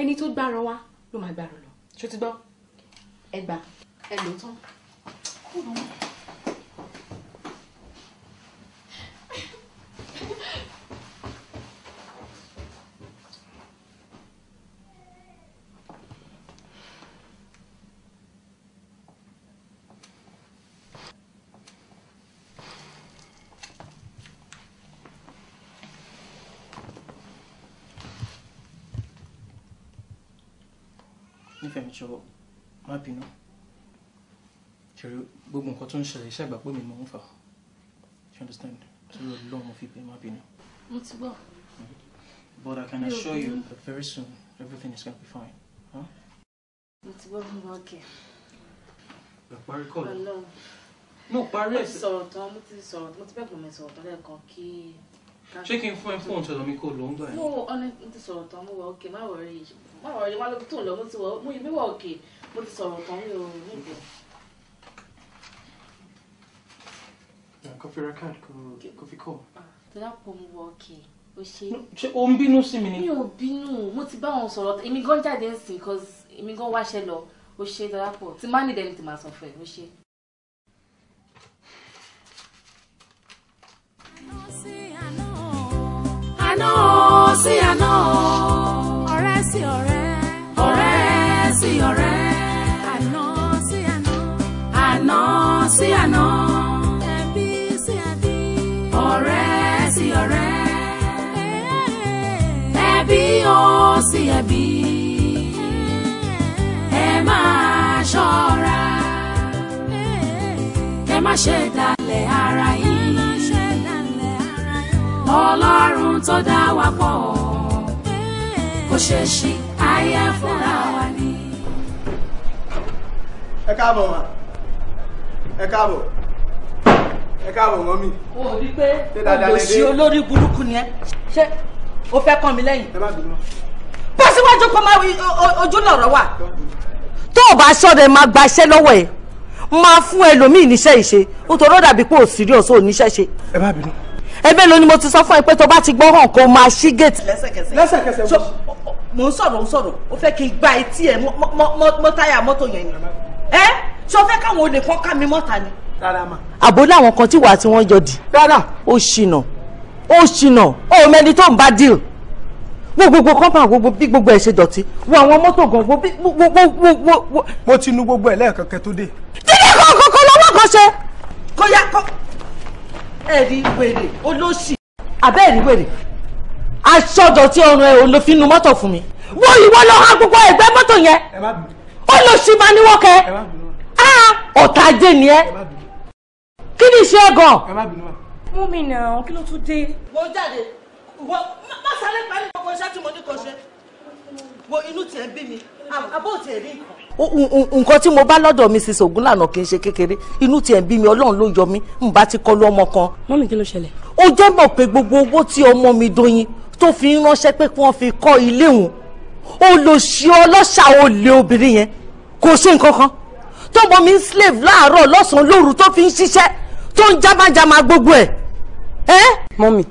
ẹni tó gbàrọ wá ló máa gbàrọ lọ ṣòtìgbọ́ ẹgbà ẹ lò tán ṣọ má bínú ṣòro gbogbo nǹkan tó ń ṣẹlẹ̀ iṣẹ́ àgbà pé mi mọ̀ ń fà you understand ṣòro lọ́wọ́ mo fi bẹ́ẹ̀ má bínú. mo ti gbọ́. but I can assure you that very soon everything is gonna be fine. mo ti gbọ́ mo ọkẹ́. ìparí kọ́ ló. mo parí ẹ̀. mo ti sọ̀rọ̀ tán mo ti sọ̀rọ̀ mo ti bẹ́ẹ̀ gbọ́n mi sọ̀rọ̀ tán lẹ́ẹ̀kan kí ṣé kí n fún ẹ fóònù tọ̀dọ̀ mi kó ló ń gbà yẹn. mo ọ́nẹ́ ok, ti sọ̀rọ̀ tán mo wà òkè má wọ̀ rí má wọ̀ rí má ló tó lọ mo ti wọ̀ mo yìí mi wà ok, mo ti sọ̀rọ̀ tán mi ò ní ìgbà. kọfí rakad kọfí kọ. tọ́lá pọ̀ mo wà o ṣe. ṣé o ń bínú sí mi ni. mi ò bínú mo ti bá wọn sọ̀rọ̀ imi gan jáde ń sìn cause èmi gan wáṣẹ́ lọ o ṣe tọ́lá pọ̀ tí má nídẹ̀ẹ́ni ti máa sọ fún ẹ o ṣe. àná sí àná. ọ̀rẹ́ sí ọ̀rẹ́. ọ̀rẹ́ sí ọ̀rẹ́. àná sí àná. àná sí àná. ẹbí sí ẹbí. ọ̀rẹ́ sí ọ̀rẹ́. ẹbí ó sí ẹbí. ẹ máa ṣọ́ra. ẹ má ṣe dalẹ̀ ara ẹ ọlọ́run tó dá wa pọ̀ kò ṣe ṣí ayé fúnra wa ni. ẹ káàbọ̀ ma ẹ káàbọ̀ ẹ káàbọ̀ mọ́ mi. o ò rí pé olùsí olórí burúkú ni ẹ ṣé o fẹ́ kàn mí lẹ́yìn. ẹ má bínú. bọ́ síwájú kó máa ojú lọ̀rọ̀ wà. tó o bá ṣọ́ra ẹ máa gbaṣẹ́ lọ́wọ́ ẹ máa fún ẹlòmíì níṣẹ́ ìṣe nítorí ó dàbí pé ò sírí ọ̀sọ́ ò ṣe. ẹ má bínú ẹ̀bẹ̀ ló ni mo ti sọ fún ẹ pé tó bá ti gbọ́ hàn kó máa ṣí gèètì. lẹ́sẹ̀kẹsẹ̀ lẹ́sẹ̀kẹsẹ̀ wo. mo ń sọ̀rọ̀ ń sọ̀rọ̀ ó fẹ́ kí n gba etí ẹ̀ mọ́ táyà mọ́tò yẹn ni ẹ́ ṣé o fẹ́ káwọn olè kan ká mi mọ́ta ni. àbò láwọn kan tí wàá tí wọ́n jọ dì. rárá ó ṣìnà ó ṣìnà ó mẹ́ni tó ń bá díl gbogbo kọ́pà gbogbo bí gbogbo ẹ̀ ṣe dọ̀tí wo àwọn mọ́tò gan gbogbo. mo ti nu gbogbo ẹ̀ lẹ́ẹ̀kan kẹ́ tó dé. jíjẹ́ kọ̀ọ̀kan lọ́wọ́ kan ṣe. kó yá kó ẹ̀rí wèrè olóṣì àbẹ́ ẹ̀rí wèrè aṣọ́dọ̀ tí ọrùn ẹ̀ ló fi nu mọ́tò fún mi wo ìwọ lọ ha gbogbo ẹ̀gbẹ́ mọ́tò yẹn olóṣì máa ní wọ́kẹ́ ọ̀tá ajé ni ẹ́ kí ni iṣẹ́ gan. mú mi nà án kí ló tún dé. mo jáde wọ má sáré parí gbogbo iṣẹ́ tí mo ní kò ṣe wo inú tiẹ̀ bí mi àbó tiẹ̀ rí nǹkan nǹkan tí mo bá lọ́dọ̀ Mrs. Ogunlana kì í ṣe kékeré inú tiẹ̀ ń bí mi ọlọ́run ló yọ mí n bá ti kọlu ọmọ kan. mọ́mí kí ló ṣẹlẹ̀. ó jẹ́ mọ̀ pé gbogbo owó tí ọmọ mi Doyin tó fi ń ránṣẹ́ pé kí wọ́n fi kọ́ ilé òun ó lọ ṣe ọlọ́ṣà olè obìnrin yẹn kò ṣe nǹkan kan tọmọ mi ń slave láàárọ̀ lọ́sàn-án lóru tó fi ń ṣiṣẹ́ tó ń jámájámá gbogbo ẹ̀. mọ́mí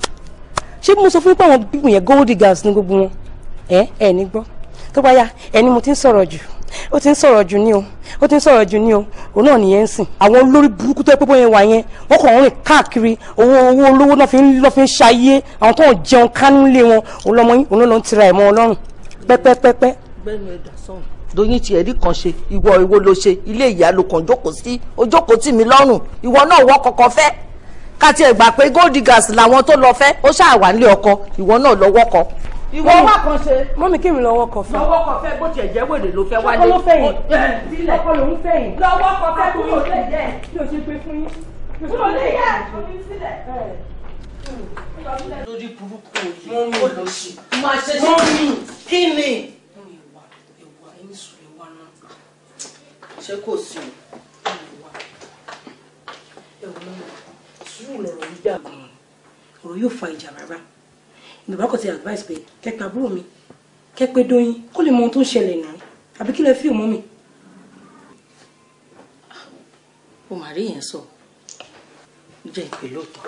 ṣé mo sọ fún yín pé àwọn bíbù gold diggers ní gbogbo wọn ẹ ẹ ní gbọ́ tó bá yá ẹni mo ti ń sọ̀rọ̀ jù ó ti ń sọ̀rọ̀ jù ní o ó ti ń sọ̀rọ̀ jù ní o òun náà nìyẹn ń sìn àwọn olórí burúkú tó pé bóyá wà yẹn wọ́n kàn ń rìn káàkiri owó owó olówó náà fi ń lọ́ fi ń ṣayé àwọn tó ń jẹun kánú lé wọn òun lọ́mọ yín òun ló ń tira ẹ̀mọ́ ọlọ́run pẹ́pẹ́pẹ́pẹ́. gbẹ́nu ẹ̀dá sọ̀rọ̀ doyin tiẹ̀ rí kan ṣe ìwọ ìwo ló ṣe ilé ìyá ló kàn jókòó sí ojókòó tì mí lọ́rùn ìwọ náà wọ́ kọ̀kọ́ fẹ́ ká tiẹ̀ gbà pé gold gas làwọn tó lọ fẹ́ ó ṣáà wà nílé ọkọ ìwọ náà lọ́wọ́ kọ ìwọ wà kan ṣe. mọ́mí kí mi lọ́wọ́ kọ fẹ́. lọ́wọ́ kọ fẹ́ bó tiẹ̀ jẹ́ wèrè ló fẹ́ wálé. ọkọ ló fẹ́ yìí ọkọ ló ń fẹ́ yìí. lọ́wọ́ kọ fẹ́ kó o lè jẹ́ kí o ṣe pé fún yín. kó o lè yẹ kó o sílẹ̀. lórí burúkú wọn mú lọ sí. máa ṣe ṣe kí kí ni. ṣé kò sí o. ẹ̀wọ̀n sùúrù lọ̀rọ̀ yìí dàgbà ọ̀rọ̀ yóò fa ìjà rárá bàbá kò ti advice pé kẹ́ pe àbúrò mi kẹ́ pe Dóyin kó lè mọ ohun tó ń ṣẹlẹ̀ náà àbí kí lẹ fi òmọ́ mi. o mà rí yẹn sọ jẹ́ ìpè lóòótọ́.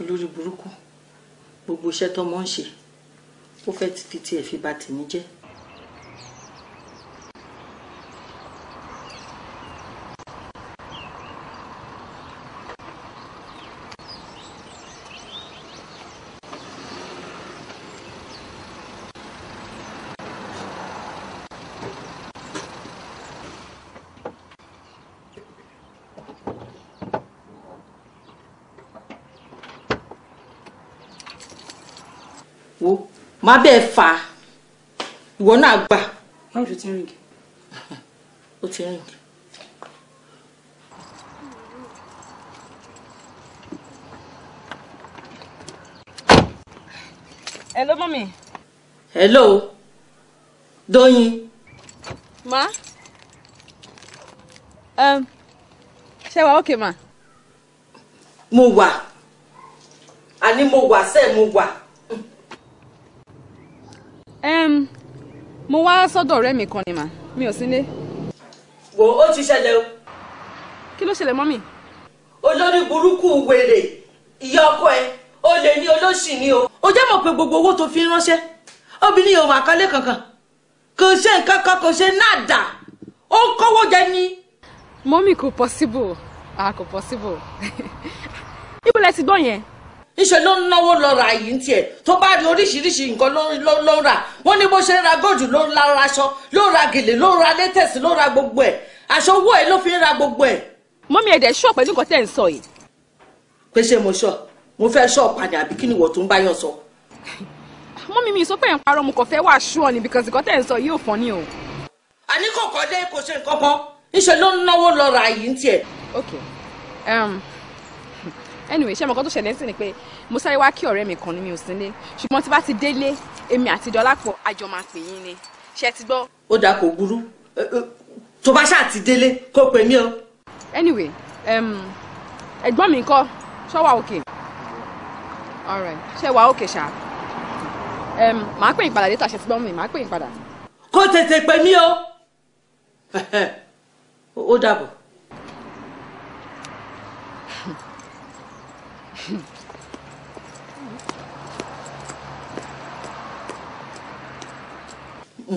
olórí burúkú gbogbo iṣẹ́ tọ́mọ ń ṣe ó fẹ́ ti fi tiẹ̀ fi bà tèmi jẹ́ wo má bẹ́ẹ̀ fà á ìwọ náà gbà. báwo ló ti rìn kí. hello mọ́mì. hello Dóyin. ma um, ṣé wàá ok ma. mo wà àní mo wà sẹ́ẹ̀ mo wà. mo wá sọ́dọ̀ ọ̀rẹ́ mi kan ni mà mi ò sí ilé. wò ó ti ṣẹlẹ̀ o. kí ló ṣẹlẹ̀ mọ́mì. olórí burúkú wèrè ìyá ọkọ ẹ o lè ní olóṣì ni o. o jẹ́ mọ̀ pé gbogbo owó tó fi ń ránṣẹ́ obìnrin yóò wà kálé kankan kò ṣe nǹkan kan kò ṣe nada ó ń kówó jẹ ni. mọ́mì kò possible ah kò possible ibùdó lẹ ti gbọ́ yẹn. níṣẹ́ ló ń náwó lọ ra yìí tiẹ̀ tó bá rí oríṣiríṣi nǹkan ló ń rà wọ́n ní bó ṣe ń ra góòdù ló ń la aṣọ ló ń ra gèlè ló ń ra létẹ̀sì ló ń ra gbogbo ẹ̀ aṣọ owó ẹ̀ ló fi ń ra gbogbo ẹ̀. mọ́mí ẹ̀dẹ̀ ṣọ́ pẹ̀lú nǹkan tẹ́ ń sọ yìí. pé ṣé mo ṣọ mo fẹ́ ṣọ padà àbí kí ni wọ́n tó ń bá yàn sọ. mọ́mí mi sọ pé ẹ̀ ń parọ́ mo kàn fẹ́ wà ṣú ni because nǹkan tẹ́ ń sọ yóò fọ́n ni o. àní kò kọ́ dé kò ṣe nǹkan kan okay um, anyway ṣé mo kàn tó ṣẹlẹ̀ sí ni pé mo sáré wá kí ọ̀rẹ́ mi kan ní mi ò sí nílé ṣùgbọ́n tí bá ti délé èmi àti Dọlápọ̀ àjọ máa pè yín ni ṣe ti gbọ́. ó dáa kò burú tó bá ṣáà ti délé kó pè mí o. anyway ẹ̀gbọ́n mi ńkọ́ ṣọ́ wà òkè ṣe wà òkè ṣá màá pè yín padà dé tàṣẹ ti gbọ́ mi màá pè yín padà. kó tètè pè mí o ó dàbọ̀.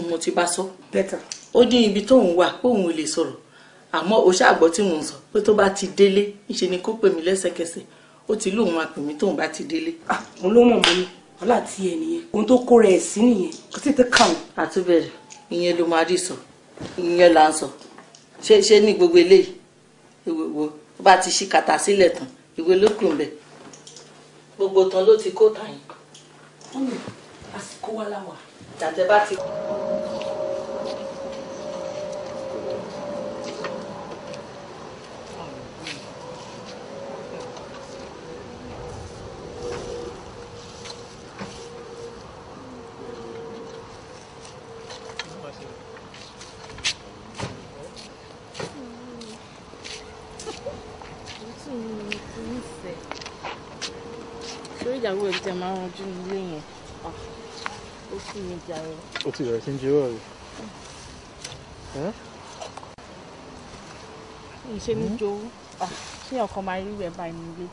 mo ti bá sọ ó dín ibi tóun wà kóun ò lè sọ̀rọ̀ àmọ́ o ṣàgbọ́ tí mò ń sọ pé tó bá ti délé ńṣe ni kó pè mí lẹ́sẹ̀kẹsẹ̀ ó ti lóun máa pè mí tóun bá ti délé. Ah, òun ló mọ̀ mọ́ mi wàhálà tí ẹ nìyẹn ohun tó kó rẹ̀ sí nìyẹn kó tètè kàn. àtúbẹ̀rẹ̀ ìyẹn ló máa rí sọ ìyẹn là ń sọ ṣé ní gbogbo eléyìí ìwòwò tó bá ti ṣí kàtà sílẹ̀ tán ìwé ló kù bẹ̀ gbogbo tán ló ti kó tàn yín. àsìkò wa la wà tàtẹ bá ti. ìyàwó ẹ̀ tẹ̀ máa ń ranjú nílé yẹn sì ní jàre. ó ti bẹ̀rẹ̀ sí ń jẹ́wọ́ rẹ̀. ìṣe ní jowú ṣé ọkàn máa rí rẹ̀ báyìí nílé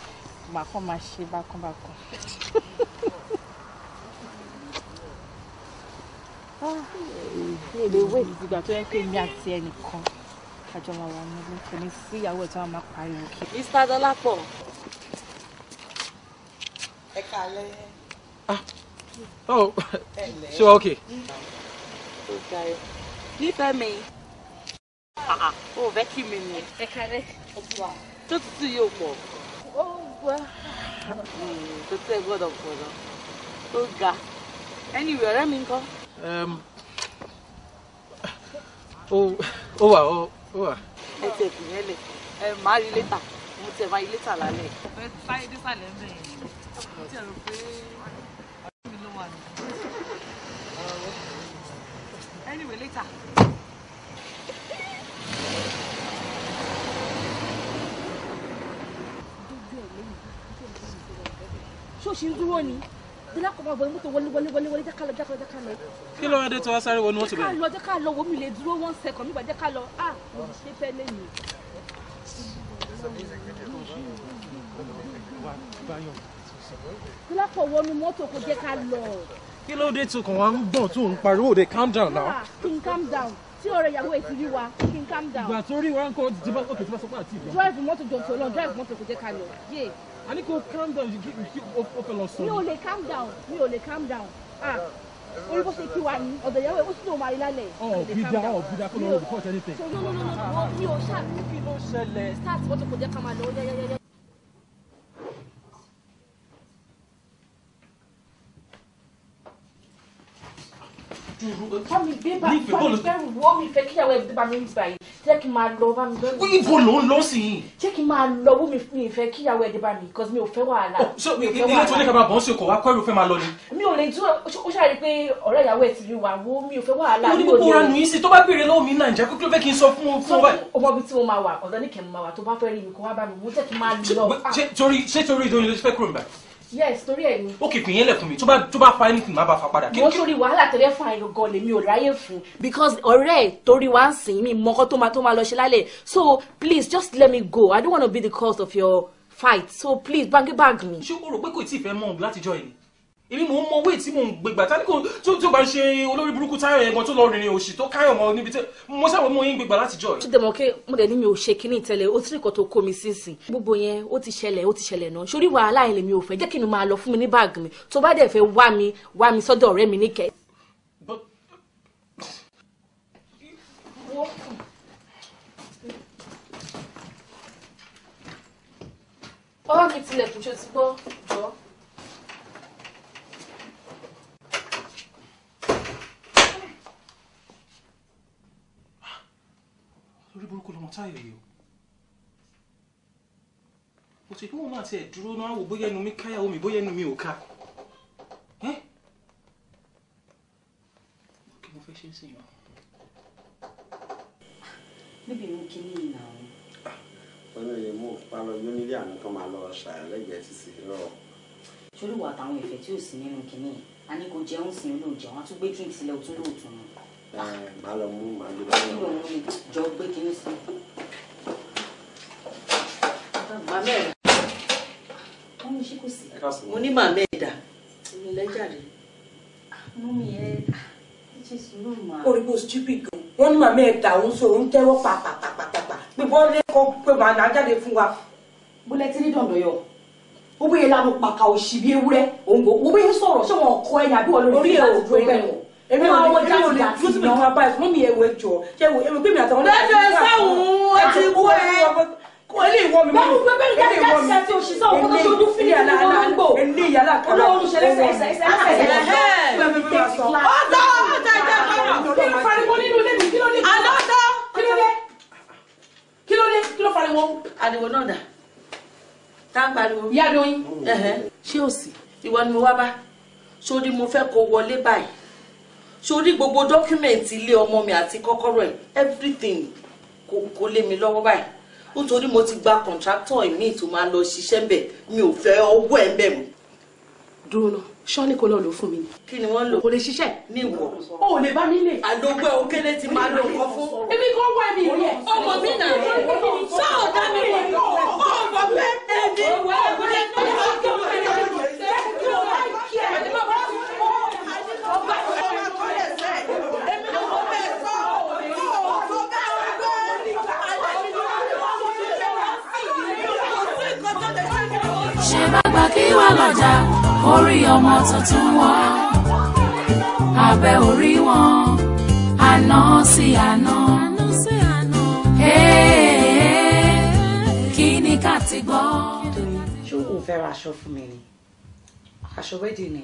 màá kàn máa ṣe bákan bákan. èlé wé ìgbà tó yẹ oh so wọ́n okay. nífẹ̀ẹ́ mi ah, ah. ò fẹ́ kí mi ni tó tútù yóò pọ̀ tó tẹ́ gbọ́dọ̀ pọ̀ lọ tó ga anyway ọ̀rẹ́ mi ńkọ́. Um, ó wà ó wà. ẹ tẹ̀ kìíyẹn lẹ̀ ẹ máa rí létà mo tẹ̀ máa rí létà lálẹ́. ọ̀fẹ́ sáyé dé sàlẹ̀ ń bẹ̀yẹn mo tẹ̀ rò pé one. Uh, anyway, later. So ń dúró ni bílá kọ́ máa bọ̀ mọ́tò wọlé wọlé wọlé wọlé jẹ́ ká lọ jẹ́ ká lọ jẹ́ ká lọ. kí ló wá dé tí wọ́n sáré wọnú mọ́tò bẹ́ẹ̀. jẹ́ ká lọ one second nígbà jẹ́ ká lọ a ah, mo ṣe fẹ́ lẹ́yìn. Kílọ́pọ̀ wọnú mọ́tò kò jẹ́ ká lọ. Kí ló dé tó kàn wá ń gbọ̀n tó ń pariwo òde calm down now. Ah, kí n calm down tí ọ̀rẹ́ ìyàwó ẹ̀ ti rí wa kí n calm down. Ìgbà tó rí wa ń kọ́ ti bá òkè tí wọ́n sọ pé àti ìgbà. Drive mọ́tò jọ̀ lọ, drive mọ́tò kò jẹ́ ká lọ. A ní kó calm down o fẹ́ lọ sọ. Mi ò lè calm down, mi ò lè calm down. Ah, orí ṣe kí wa ni ọ̀dọ̀ ìyàwó ẹ̀ ó sì ní òun àrílálẹ̀. Ọ̀bìdá ọ̀bìdá kó lọ́wọ́ report anything. Mi ò ṣàbí. Kí ló ṣẹlẹ̀? Start mọ́tò kò jẹ́ ká máa lọ yẹ́yẹ́yẹ́. dúró. fami gbé bá fami bẹ̀rù wọ́ mi fẹ́ kíyàwó ẹ̀ bá mi gbà yìí jẹ́ kí n máa lọ bá mi bẹ̀rù. ibo ló ń lọ sí i. jẹ́ kí n máa lọ wú mi fún ìfẹ́ kíyàwó ẹ̀ bá mi because mi ò fẹ́ wàhálà. Oh, so ilé tó ní kaba bọ̀ ń ṣe kọ̀ wá kọ́rù fẹ́ máa lọ ni. mi ò lè dúró ó ṣàrí pé ọ̀rẹ́ ìyàwó ẹ̀ ti rí wa wo mi ò fẹ́ wàhálà. mo ní kókó ra nù yes torí ẹ ni. ó kì í pín yẹn lẹ̀kùn mi tó bá tó bá fa anything má bá fa padà. mo sórí wàhálà tẹ́lẹ̀ fún àyàn lèmi ò ráyè fún. because ọ̀rẹ́ ẹ̀ torí wá ń sìn mí mọ́kọ́ tó máa tó máa lọ ṣe lálẹ́ so please just let me go i don't wanna be the cause of your fight so please bang bag me. ṣé o rò pé kò tí ì fẹ́ mọ́ òun látijọ́ yìí èmi mò ń mọ wéè tí mò ń gbégbà tá ní kò tí ó bá ń ṣe olórí burúkú táyọ̀ yẹn tó lọ rìnrìn òṣì tó káyọ̀ mọ́ níbi tí mo sábà mọ yín gbégbà láti jọ. ṣé dẹ̀mọ̀ kí mo dẹ̀ ní mi ò ṣe kínní tẹ́lẹ̀ ó ti rí nǹkan kó mi sínsìn gbogbo yẹn ó ti ṣẹlẹ̀ ó ti ṣẹlẹ̀ náà sórí wàhálà yẹn lèmi ò fẹ́ jẹ́ kí ni máa lọ fún mi ní báàgì mi tó bá dẹ̀ fẹ́ wá mi wá mi sọ́dọ̀ ọ̀rẹ́ mi níkẹ́. ọwọ́ mi tilẹ̀kùn ṣe ti gbọ́ jọ. ọmọ táyọ̀ yìí o mo ti kí wọn náà tiẹ̀ dúró náà wò bóyá ẹnu mi káyàwó mi bóyá ẹnu mi ò ká kí mo fẹ́ ṣe sí yàn. níbi ìwé kí ni ìlà o. ọ̀nà yẹn mo pa lọ yóò nílé àná tó máa lọ ṣàlẹ́gbẹ̀ẹ́ títí lọ. ṣolúwa àtàwọn ìfẹ́ tí ò sí nínú kínní a ní kò jẹun sí olóòjẹun a tún gbé drinks sílẹ̀ òtún lóòtún ni màá stupid gan wọ́n ní màmá ẹ̀ òun sọ òun tẹ́wọ́ pàpàpàpàpà pé bọ́ọ̀lù ẹ̀kọ́ pé màá nà jáde fún wa. bólẹ̀ tí ní yọ ó bóyá lanu pàkà òṣì bí ewúrẹ́ òǹgbò ó bóyá sọ̀rọ̀ ṣé wọn kọ ẹ̀yà bí wọn lórí ẹ̀ òkú ẹ̀yà èmi ò ní èmi ò ní fúsù mi kan báyìí mú mi ẹ̀wẹ̀ jọ ṣe wò èmi gbẹ̀mí àtàwọn. lẹ́jọ́ ẹ sáwọn ẹ ti kú ẹ. kò ní ìwọ mi mú mi kò ní ìwọ mi èmi èmi èmi yàrá kan náà olóhùn ṣẹlẹ̀ ṣẹlẹ̀ ṣẹlẹ̀ ṣẹlẹ̀ ṣẹlẹ̀ ọ̀dọ́ ọ̀dọ́ ẹ̀jẹ̀ kọ́nà kí ló fariwo nínú ilé mi kí ló ní. àlọ́dọ́ kí ló dé kí ló dé kí ló fariwo. ariwo náà dà tá a pariwo. ìyá doyin ṣé òsì ìwọ ni mo wá bá sórí mo fẹ́ kó wọlé báyìí sórí gbogbo dọ́kúmẹ̀ntì ilé ọmọ mi àti kọ́kọ́rọ́ ẹ̀ everything kò lé mi lọ́wọ́ báyìí nítorí mo ti gba kọ̀ǹtráktọ̀ ìmíì tó máa lọ ṣiṣẹ́ ń mi ò fẹ́ ọwọ́ ẹ̀ ń bẹ̀ dúró sọ́ni kò lọ lò fún mi ni. kí ni wọ́n lò. kò lè ṣiṣẹ́. ní ìwọ. o ò lè bá mi lè. àdógbò òkèlè ti máa lo nǹkan fún. èmi kò wá mi rí ẹ. ọmọ mi nà ní. sọ ò dá mi wọ̀ ní. ọmọ mi ẹ̀mí wọ̀ ẹ̀ ṣe bá gba kí wà lọ́jà orí ọmọ tuntun wọn abẹ́ orí wọn àná sí àná kí ni ká ti gbọ́. ṣé o fẹ́ ra aṣọ fún mi ni aṣọ wedding ni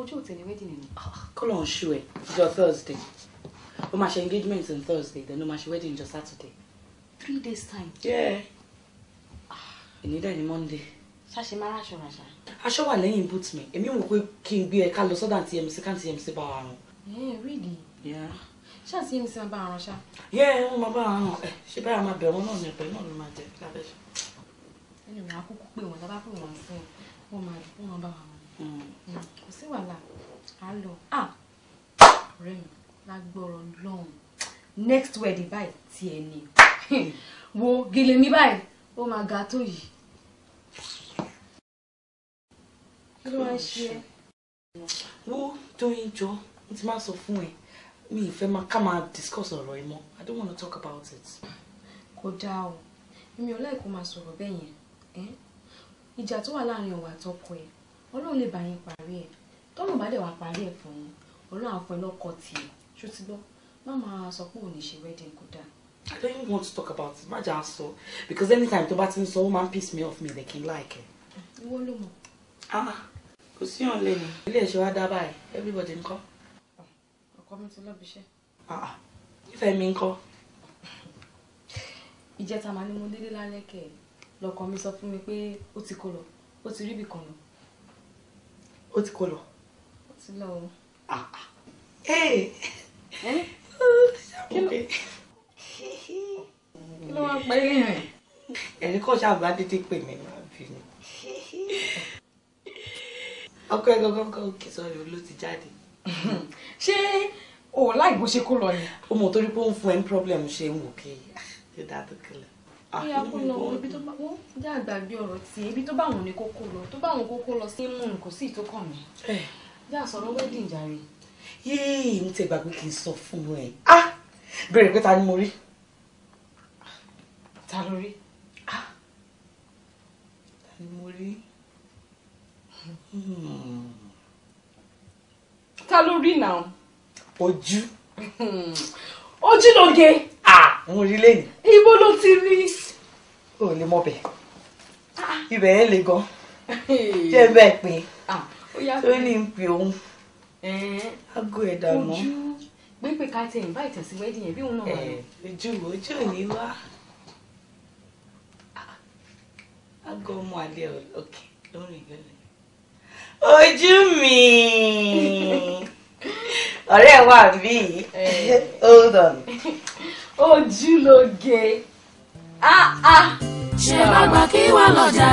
ojú òtẹ̀ ni wedding ni. Ah, kọ́ ló ṣú ẹ̀ jọ thursday ó máa ṣe engagement on thursday then ó máa ṣe wedding jọ saturday. three days time. yeah. Ah, èyí dẹ̀ ni monday ṣáṣe má ráṣọ ràṣà. aṣọ wà lẹ́yìn boot mi èmi wò pé kí n gbé ẹ ká lọ sọ́dà àti mc ká àti mc bá wa rán. ẹ really. ṣé àti mc máa bá wa rán ṣá. yẹ ẹ wọn máa bá wa rán ẹ ṣé báyà máa bẹ̀ wọn náà ní ẹgbẹ́ náà ló máa jẹ lábẹ́ ẹnu mi àkókò pé wọn dábàá pé wọn fún wọn máa wọn máa bá wa rán. Hmm. Hmm, kò sí wàhálà á lọ à ọ̀rẹ́ mi lágbọ́rọ̀ lọ́hùn next wedding báyìí tiẹ̀ ni hmm. wo gèlè mi báyìí ó máa ga tó yìí ló wá ń ṣe ẹ́. wo tóyìn jọ mo ti máa sọ fún ẹ mi ìfẹ́ máa ká máa discuss ọ̀rọ̀ ẹ mọ́ i don't wanna talk about it. kò dáa o èmi ò láì kó máa sọ̀rọ̀ bẹ́ẹ̀ yẹn ìjà tó wà láàrin ọ̀wà àtọkọ ẹ ọlọ́run lè bá yín parí ẹ̀ tọ́lùm bá dẹ̀ wá parí ẹ̀ fún yín ọlọ́run àfọ ẹlọ́kọ tiẹ̀ ṣó ti gbọ́ má máa sọ pé òun ṣe wedding kò dáa. I don't even want to talk about it, má jà á sọ because anytime tó bá ti ń sọ ó máa ń piss me off me. like kí like láìkẹ́. ìwọ ló mọ̀. ah kò sí ọ̀n lẹ́nu ilé ẹ̀ṣẹ̀ wa dá báyìí everybody ńkọ́. ọkọ mi ti lọ bí iṣẹ́. ìfẹ́ ah, ah. mi ńkọ́. ìjẹta màá ni mo délé lálẹ́ kẹ̀ lọ́kọ mi sọ fún mi pé ó ti kó lọ ó ti rí ibì kan lọ. ó ti kó lọ. ó ti lọ o. Ah, eh? Eh? kí ló wá pẹ́ lẹ́yìn rẹ̀. ẹ̀rí kọ́ ṣáà dídí pè mí ọkọ ẹ gangan kan òkè sọ̀rọ̀ ló ti jáde. ṣé o láì bó ṣe kó lọ ni. o mọ̀ torí pé ó ń fún ẹ ní problem ṣe ń wò kí ṣe ah, dáa tó kílẹ̀. ìyá ah, kó lọ ibi tó bá wọn jẹ́ àgbàgbé ọ̀rọ̀ tí ibi tó bá wọn ní kókó lọ tó bá wọn kókó lọ sí mú kò sí ìtókàn mi. Eh. jẹ́ àsọ̀rọ̀ wedding jàre. yéè mo ti gbàgbé kì í sọ fún ẹ. Ah, bẹ̀rẹ̀ pé ta ni mo rí. ta ló rí. ta ni mo rí. Hmm. ta ló rí náà. ojú. Hmm. ojú ló ge. n rí lẹ́yìn. ibo ló ti rí. o lè mọ bẹ́ẹ̀ ah. ibẹ̀ yẹn le gan jẹ́ bẹ́ẹ̀ pé tó ní n pè òun aago ẹ̀dá mọ́. ojú pépè ká tẹ ìbá ìtẹ̀sí wedding yẹn bí òun náà wà lọ. ojú ojú ò ní wá aago ah. ọmọ alẹ́ òkè lórí ìgbẹ́lẹ̀ ojú mi ọ̀rẹ́ wà bí eh. hold on. ojú ló ah, ah. ṣe bàgbà kí wà lọ́jà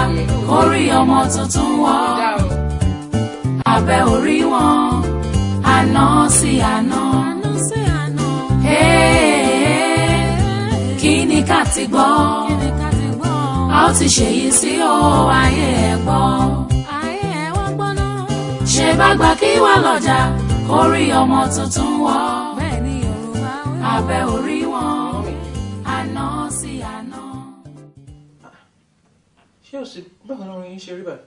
orí ọmọ tuntun wọn abẹ́ orí wọn àná sí àná kí ni ká ti gbọ́ a ó ti ṣèyí sí o ayé ẹ̀ gbọ́ ṣe bá gbà kí wà lọ́jà kórí ọmọ tuntun wọ́ abẹ́ orí wọn àná sí àná. ṣé o sì báwo ni orin yín ṣe rí báyìí.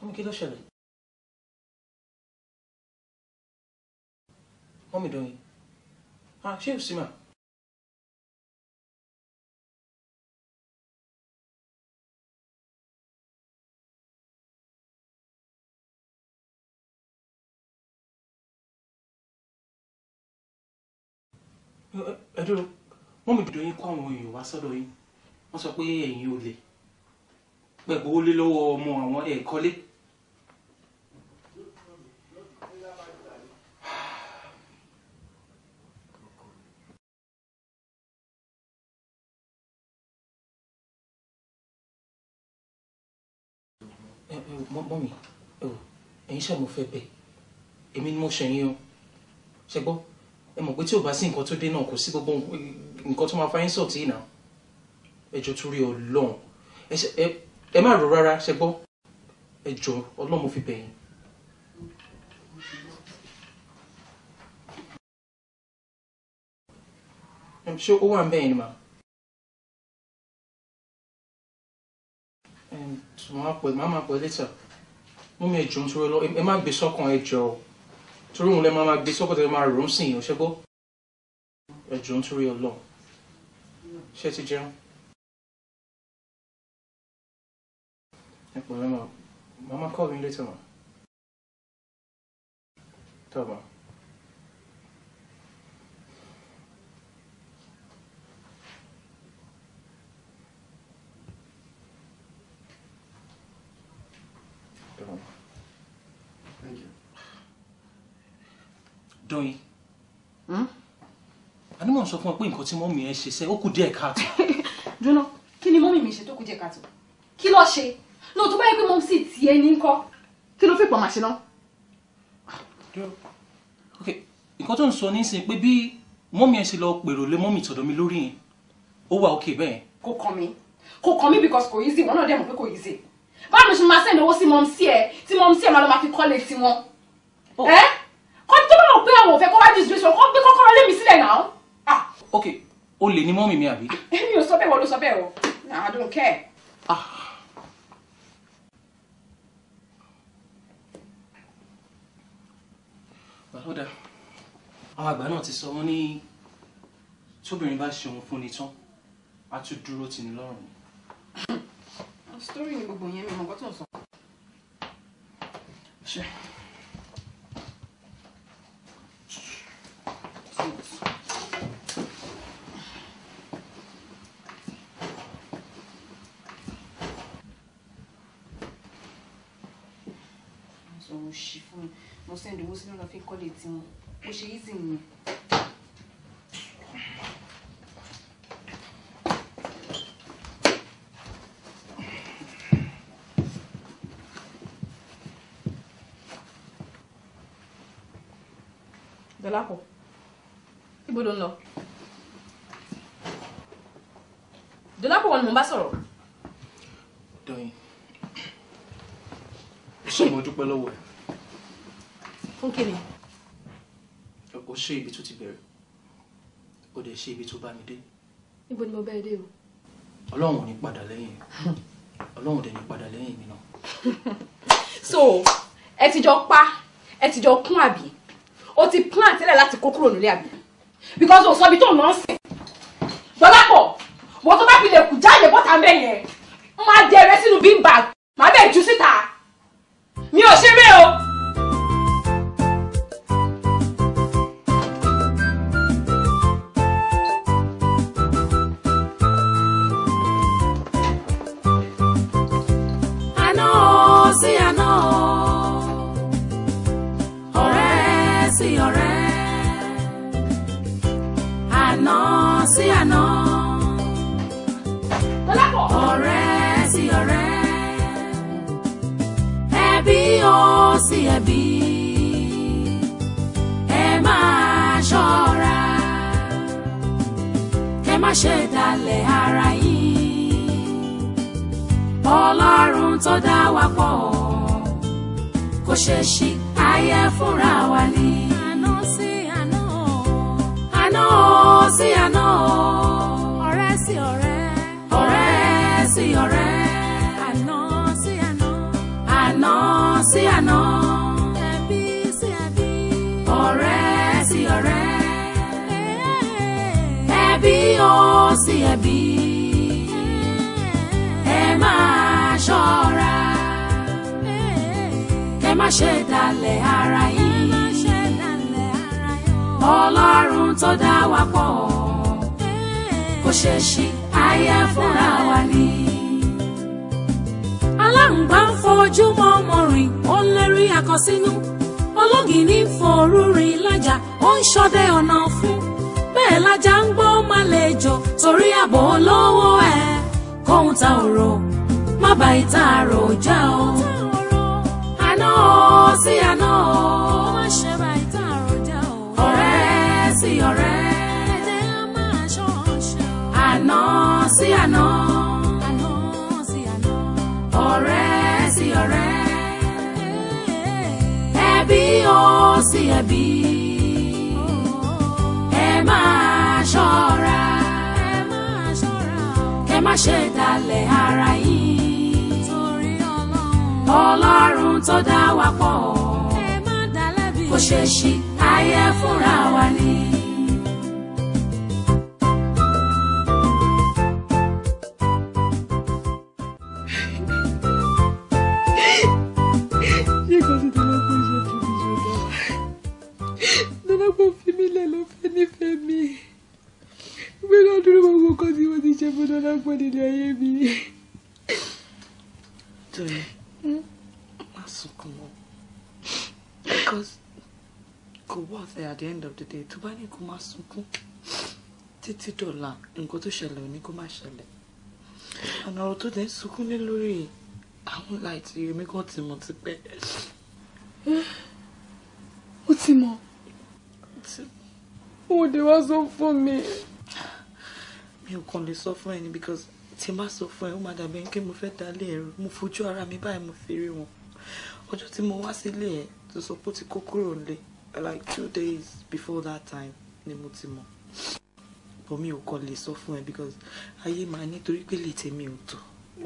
Mọ́mí kí ló ṣẹlẹ̀? Mọ́mí dọ́yìn. Ah, ṣé o sì máa? ẹ dúró wọ́n mi dìdọ̀ yín kó àwọn èèyàn wá sọ́dọ̀ yín wọ́n sọ pé ẹ̀yin ò lè pẹ̀gbọ́ ó lé lọ́wọ́ ọmọ àwọn ẹ̀kọ́lé. mọ́ mi ẹ̀yin ṣàmùfẹ́ bẹ́ẹ̀ èmi ni mo ṣẹ̀yìn o ṣẹ́gbọ́n ẹ mọ̀ pé tí ò bá sí nǹkan tó dé náà kò sí gbogbo nǹkan tó máa fa insult yìí náà ẹ jọ̀ọ́ torí Ọlọ́run ẹ má rò rárá ṣe gbọ́ ẹ jọ̀ọ́ Ọlọ́run mo fi bẹ̀ yín. ṣé ó wà ń bẹ́ẹ̀ ni mà. màá pè màá máa pè létà mú mi ẹ jọ̀ọ́ nítorí Ọlọ́run ẹ má gbé sọ́kàn ẹ jọ̀ọ́ torí òun lẹ máa máa gbé sọ́kọ̀ tẹ́lẹ̀ máa rò ó sìn yín ṣẹ́gbọ́ ẹ̀jọ̀ ń torí ọlọ́run ṣé ti jẹun ẹ pọ̀ lọ́mọ màmá kọ́ mi létí wọn tọ́ba. dọ́yìn ànímọ̀ hmm? sọ fún ọ pé nǹkan tí mọ́mì ẹ ṣe sẹ́ ó kù díẹ̀ káàtó. dúnà kí ni mọ́mì mi ṣe tó kù díẹ̀ káàtó kí ló ṣe ní òtún báyìí pé mọ́mì sì ti ẹ ní kọ́ kí ló fìpọ̀ màṣẹ náà. ok nǹkan tó ń sọ ní sìn pé bí mọ́mì ẹ ṣe lọ pèrò lé mọ́mì tọ̀dọ̀ mi lórí yẹn ó wà òkè bẹ́ẹ̀. kò kàn mí kò kàn mí because kò easy wọn náà dẹ̀ mọ̀ pé kò easy báwo ni mo ṣe máa sẹ́ni owó sí mọ́mì sí ẹ tí mọ́mì sí ẹ máa lọ máa fi kọ́lé tiwọn. Oh. ẹ́ disgrace ọkọ gbé me lé mi sílẹ̀ náà. ok o lè ní mọ́mì mi àbí. èmi eh, ò sọ bẹ́ẹ̀ wọ́n ló sọ bẹ́ẹ̀ o I don't care. Ah. bàlódà àwọn àgbà náà ti sọ wọn ní tóbìnrin bá ṣe òun fún ni tán á tún dúró tì ní lọ́rùn. story ni gbogbo yẹn mi mọ̀ tó sọ. ṣe. sọ̀rọ̀ ṣì fún mi mo sẹ́ndì owó sínú lọ́ọ́ fi kọ́lé tiwọn ó ṣe easy nìyẹn. Dọ́lápọ̀ níbo ló ń lọ. dọlápọ̀ wọn ni mo bá sọ̀rọ̀. dọ̀yìn ṣé mo dúpẹ́ lọ́wọ́ ẹ̀. fún kí ni. o ṣe ibi tó ti bẹ̀rẹ̀ o dẹ̀ ṣe ibi tó bá mi dé. níbo ni mo bá ẹ dé o. ọlọ́run ò ní padà lẹ́yìn ọlọ́run dẹ̀ ní padà lẹ́yìn mi náà. so ẹ ti jọ pa ẹ ti jọ kún àbí o ti plan tẹ́lẹ̀ láti kó kúrò nílé àbí because o sọ ibi tó ń lọ sí. Dọ́lápọ̀ wọ́n tó bá fi lè kù jáde bọ́ta ń bẹ̀ yẹn máa jẹ rẹ sínú beanbag máa bẹ̀ jù síta. pé lọ́dún ló mọ̀ kọ́ tí mo ti ṣe fún Dọ́lápọ̀ nínú ayé mi. Tọ́lẹ̀, hmm? má sunkún mọ́. Because kò worth it at the end of the day tó bá ní kó má sunkún títí dọ̀la nǹkan tó ṣẹlẹ̀ ò ní kó má ṣẹlẹ̀. Ọ̀nà ọ̀rọ̀ tó dẹ̀ ń sunkún lé lórí àwọn láìtì Yemi kan ti mọ̀ ti pẹ́. Ó ti mọ̀. Ó ti mọ̀. Ó dé wá sọ fún mi ò kàn lè sọ fún ẹni because tí n bá sọ fún ẹ ó máa dàbí pé mo fẹ́ dalé ẹ̀rù mo fojú ara mi báyìí mo fi rí wọn ọjọ́ tí mo wá sílé ẹ̀ tó sọ pé ó ti kó kúrò nílé like two days before that time ni mo ti mọ̀ but mi ò kàn lè sọ fún ẹ because ayé máa nítorí pé lè tèmi ò tó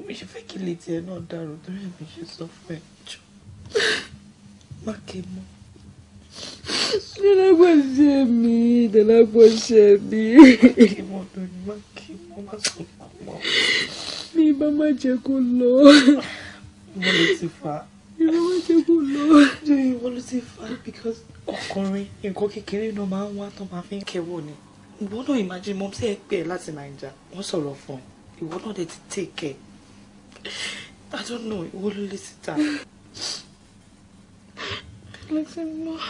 mi ṣe fẹ́ kí lè tiẹ̀ náà dàrú torí mi ṣe sọ fún ẹ jù má ké mọ́. Dọ́lápọ̀ ṣe mí, Dọ́lápọ̀ ṣe mí. Mi bá má jẹ́ kó lọ. Ìwọ ló ti fà á. Ìwọ má jẹ́ kó lọ. Ṣé ìwọ ló ti fà á? Because ọkùnrin nǹkan kékeré náà máa ń wá tán máa fi ń kẹwò ni. Ìwọ náà imagine mọ́ sí ẹgbẹ́ ẹ láti Nàìjà. Wọ́n sọ̀rọ̀ fún un. Ìwọ náà dẹ̀ ti take care. I don't know, ìwọ ló lè ti ta mo ti mọ̀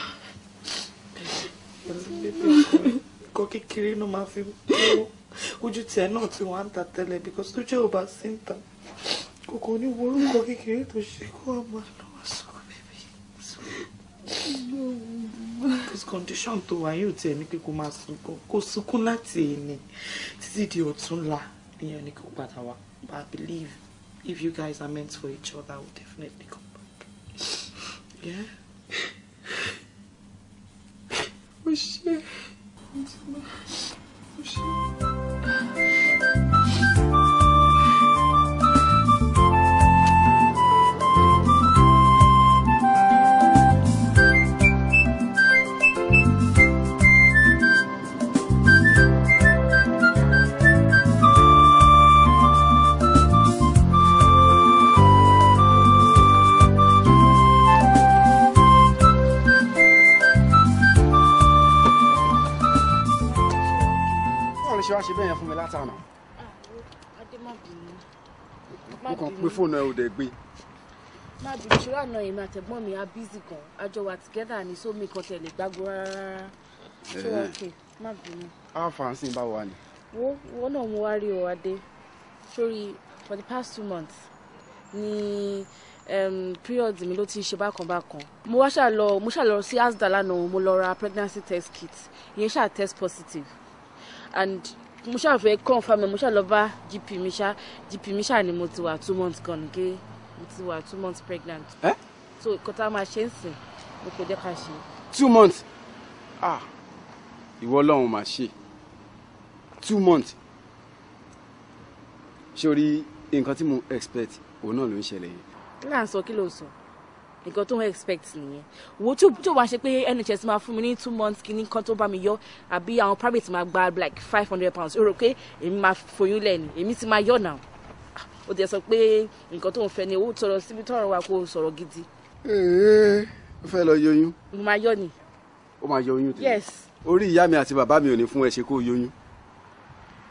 kọ́ kékeré náà máa fi kó ojú tiẹ̀ náà tí wọ́n á ń ta tẹ́lẹ̀ because tó jẹ́ ò bá sí ń ta tó wá condition tó wà yóò tiẹ̀ ní pé kó máa sunkún kó sunkún láti èní títí di ọ̀túnla ìyẹn ni kó padà wá but I believe if you guys are meant for each other I will definitely come back. Yeah o ṣe o ṣe. ṣe wá ṣe bẹ́ẹ̀ yẹn fún mi látànà. adé má bínú. mo kàn pé fóònù ẹ ò dẹ̀ gbé. má bínú ṣe wà náà èmi àtẹ̀gbọ́n mi á bízì gan àjọ wa together ni sómi kan tẹ̀lé gbágbó rárá. ṣé wọ́n kè má bínú. àǹfààní bá wà ní. wo wo for the past two months ni um, period mi ló ti ṣe bákan mo wá ṣáà mo ṣáà sí asda lánàá mo lọ ra pregnancy test kit ìyẹn ṣáà test positive and mo ṣáà fẹ́ confirm mo ṣáà lọ bá gp mi ṣá gp mi ṣáà ni mo ti wà two months gone ké mo ti wà two months pregnant. Eh? so nǹkan tá a máa ṣe ń sìn mo kò jẹ́ ká ṣe. two months ah ìwọ ọlọ́run mà ṣe two months ṣé o rí nǹkan tí mo expect òun náà ló ń ṣẹlẹ̀ yìí. kí là ń sọ kí ló ń sọ nǹkan tó ń expect nìyẹn wo tí ò wá ṣe pé NHS máa fún mi ní two months kìíní kan tó bá mi yọ àbí àwọn private máa gba like five hundred pounds ó rò pé èmi máa foyún lẹ́ni èmi ti máa yọ̀ náà ah, ó dẹ̀ sọ pé nǹkan tó ń fẹ́ ni owó tọrọ síbi tọrọ wa kó sọ̀rọ̀ gidi. ee ó fẹ́ lọ yọyún. mo máa yọ ni. ó máa yọ oyún tèmi. yes. orí ìyá mi àti bàbá mi ò ní fún ẹ ṣe kó yọyún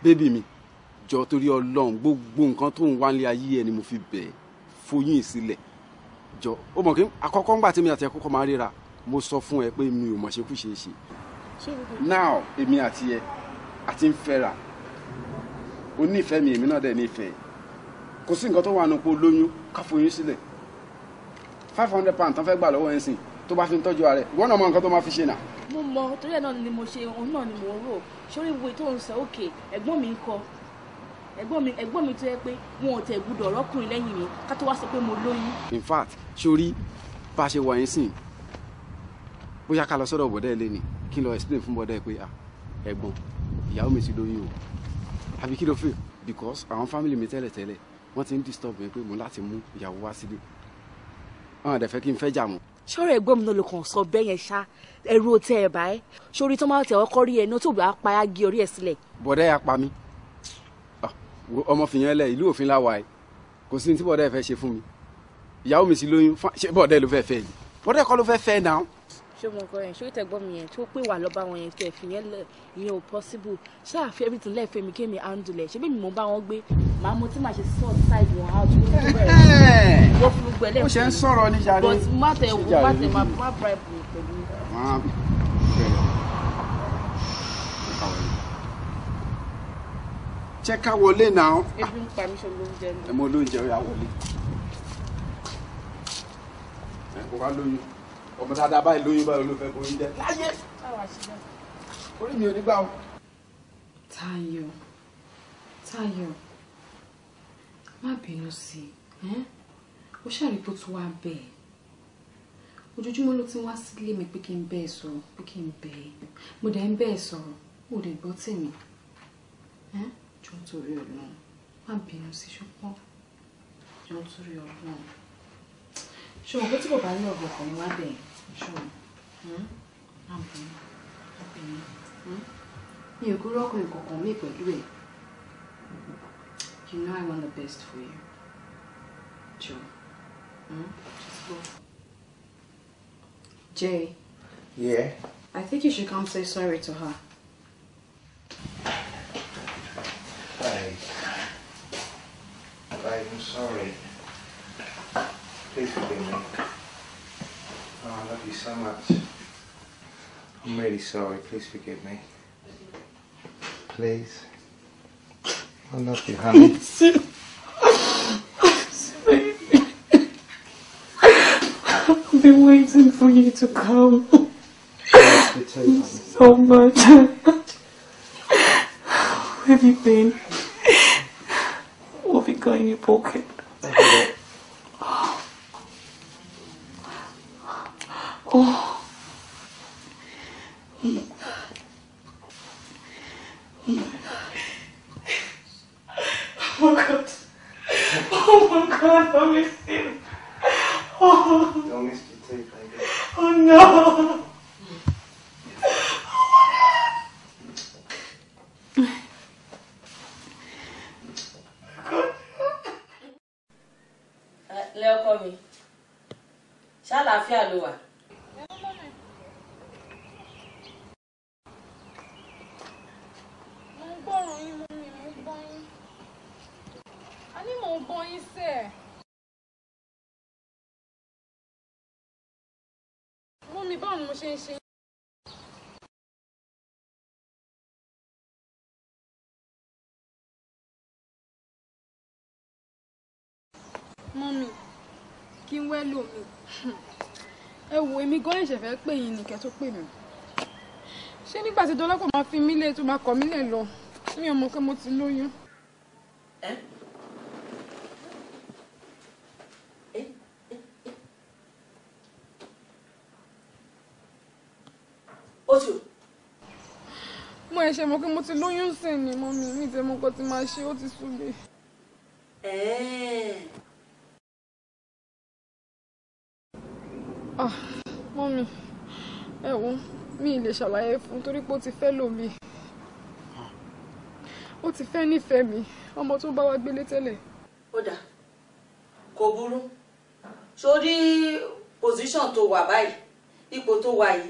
bébì mi jọ torí ọlọ́run gbogbo nǹkan tó ń wá ní ayé ẹ ni mo fi bẹ̀ẹ́ foyún ìsílẹ̀ jọ ó mọ̀ kí àkọ́kọ́ ńgbà tí mi àti ẹ kọ́kọ́ máa ríra mo sọ fún ẹ pé mi ò mọ̀ ṣe kú ṣe é ṣe now èmi àti ẹ àti ń fẹ́ra o nífẹ̀ẹ́ mi èmi náà dẹ̀ nífẹ̀ẹ́ kò sí nǹkan tó wà nùpọ̀ lóyún káfoyún sílẹ̀ five hundred pounds tán fẹ́ gbà lọ́wọ́ ẹ̀ sìn tó bá fi ń tọ́jú ààrẹ ìwọ náà mọ nǹkan tó máa fi ṣe nà. mo mọ torí ẹ náà ni mo ṣe òun náà ni mo rò sórí ìwé tó ń sọ òkè ẹ̀gbọ́n mi ń kọ ẹ̀gbọ́n mi ẹ̀gbọ́n mi tó yẹ pé wọn ò tẹ̀ gbúdọ̀ ọ̀rọ̀kùnrin lẹ́yìn mi ká tó wá sọ pé mo lóyún. in fact sori bá a ṣe wà yín sìn bóyá ká lọ sọ́dọ̀ bọ̀dẹ́ ẹ lé ni kí n lọ explain fún bọ̀dẹ́ ẹ pé ẹ̀gbọ́n ìyàwó mi ti lóyún o àbí kí ló fẹ́ because àwọn family mi tẹ́lẹ̀ tẹ́lẹ̀ wọ́n ti ń disturb mi pé mo láti mú ìyàwó wá sílé wọn àdẹ̀fẹ́ kí n fẹ́ jà mọ́. sọ́rọ̀ ẹ̀gbọ́n mi náà ló kàn sọ bẹ́ẹ̀ yẹn ṣá ẹ̀rù ò tẹ ẹ̀ bá ẹ́ sórí tó máa tẹ̀ ọkọ rí ẹ̀ ní tó bá pa á gé orí ẹ̀ sílẹ̀. bọ̀dẹ́ ya pa mí ọmọ fìyàn lẹ ìlú òfin láwa ẹ kò sí ní bọ́dẹ̀ fẹ́ ṣe fún mi ìyàwó mi sì lóyún ṣé bọ́dẹ̀ ló fẹ́ fẹ́ yìí bọ́dẹ̀ kọ́ ló fẹ́ fẹ́ náà. ṣé mo kọ yẹn ṣé ó mi yẹn tó pè wá lọ́ba wọn yẹn tó ẹ̀fìn yẹn lẹ̀ ìyẹn ò possible ṣé àfi everything lẹ́ẹ̀fẹ́ mi kémi handle ṣé bẹ́ẹ̀ mo bá wọn gbé màá mo tí màá ṣe sort side wọn out ló ń bẹ̀rẹ̀ jẹ́ ká wọlé náà. ebi ń pa mí ṣe olóúnjẹ mi. ẹ mọ olóúnjẹ ó yà wọlé. ẹ kò wá lóyún ọmọ dáadáa báyìí lóyún báyìí olófẹ́ kò ń jẹ láyé. orí mi ò ní gbà o. Táyọ̀ Táyọ̀ má bínú sí i ó ṣàrípò tó wá bẹ́ẹ̀ ojoojúmọ́ ló ti wá sílé mi pé kí n bẹ́ẹ̀ sọ̀rọ̀ pé kí n bẹ́ẹ̀ mo dẹ̀ ń bẹ́ẹ̀ sọ̀rọ̀ mo dẹ̀ gbọ́ tèmi. Eh? jọ nítorí ọlọ́run má bínú sí ṣùgbọ́n jọ nítorí ọlọ́run ṣùgbọ́n pé tí kò ní ọ̀gbìn kan ni wá bẹ̀yìn ṣùgbọ́n hmm? má bínú má bínú hmm? mi ò kúrò ọkùnrin kankan mi pẹ̀lú ẹ̀ you know I want the best for you jọ hmm? just Jay. Yeah? I think you should come say sorry to her. 5 Five, I'm sorry. Please forgive me. Oh, I love you so much. I'm really sorry. Please forgive me. Please. I love you, honey. I've been waiting for you to come. so much. have What have you got in your pocket? Oh. ṣe ń ṣe. mọ́mì kí n wẹ́ lómi ẹ wo èmi gan ẹ̀ṣẹ̀ fẹ́ pè yín nìkẹ́ tó pè mí ṣé nígbà tí dọlọ́pọ̀ máa fi mí lé tó máa kọ̀ mí lẹ̀ lọ mi ò mọ̀ pé mo ti lóyún. ẹ ẹ ṣe mọ̀ pé mo ti lóyún sìn ni mo mi ní ìtẹ́mọ́ kan ti máa ṣe ó ti sú mi. Ah, mọ́mí ẹ wo mi lè ṣàlàyé fún torí pé ó ti fẹ́ lómi ó ti fẹ́ nífẹ̀ẹ́ mi ọmọ tó bá wá gbélé tẹ́lẹ̀. ó dà kò burú sórí pòsíṣàn tó wà báyìí ipò tó wà yìí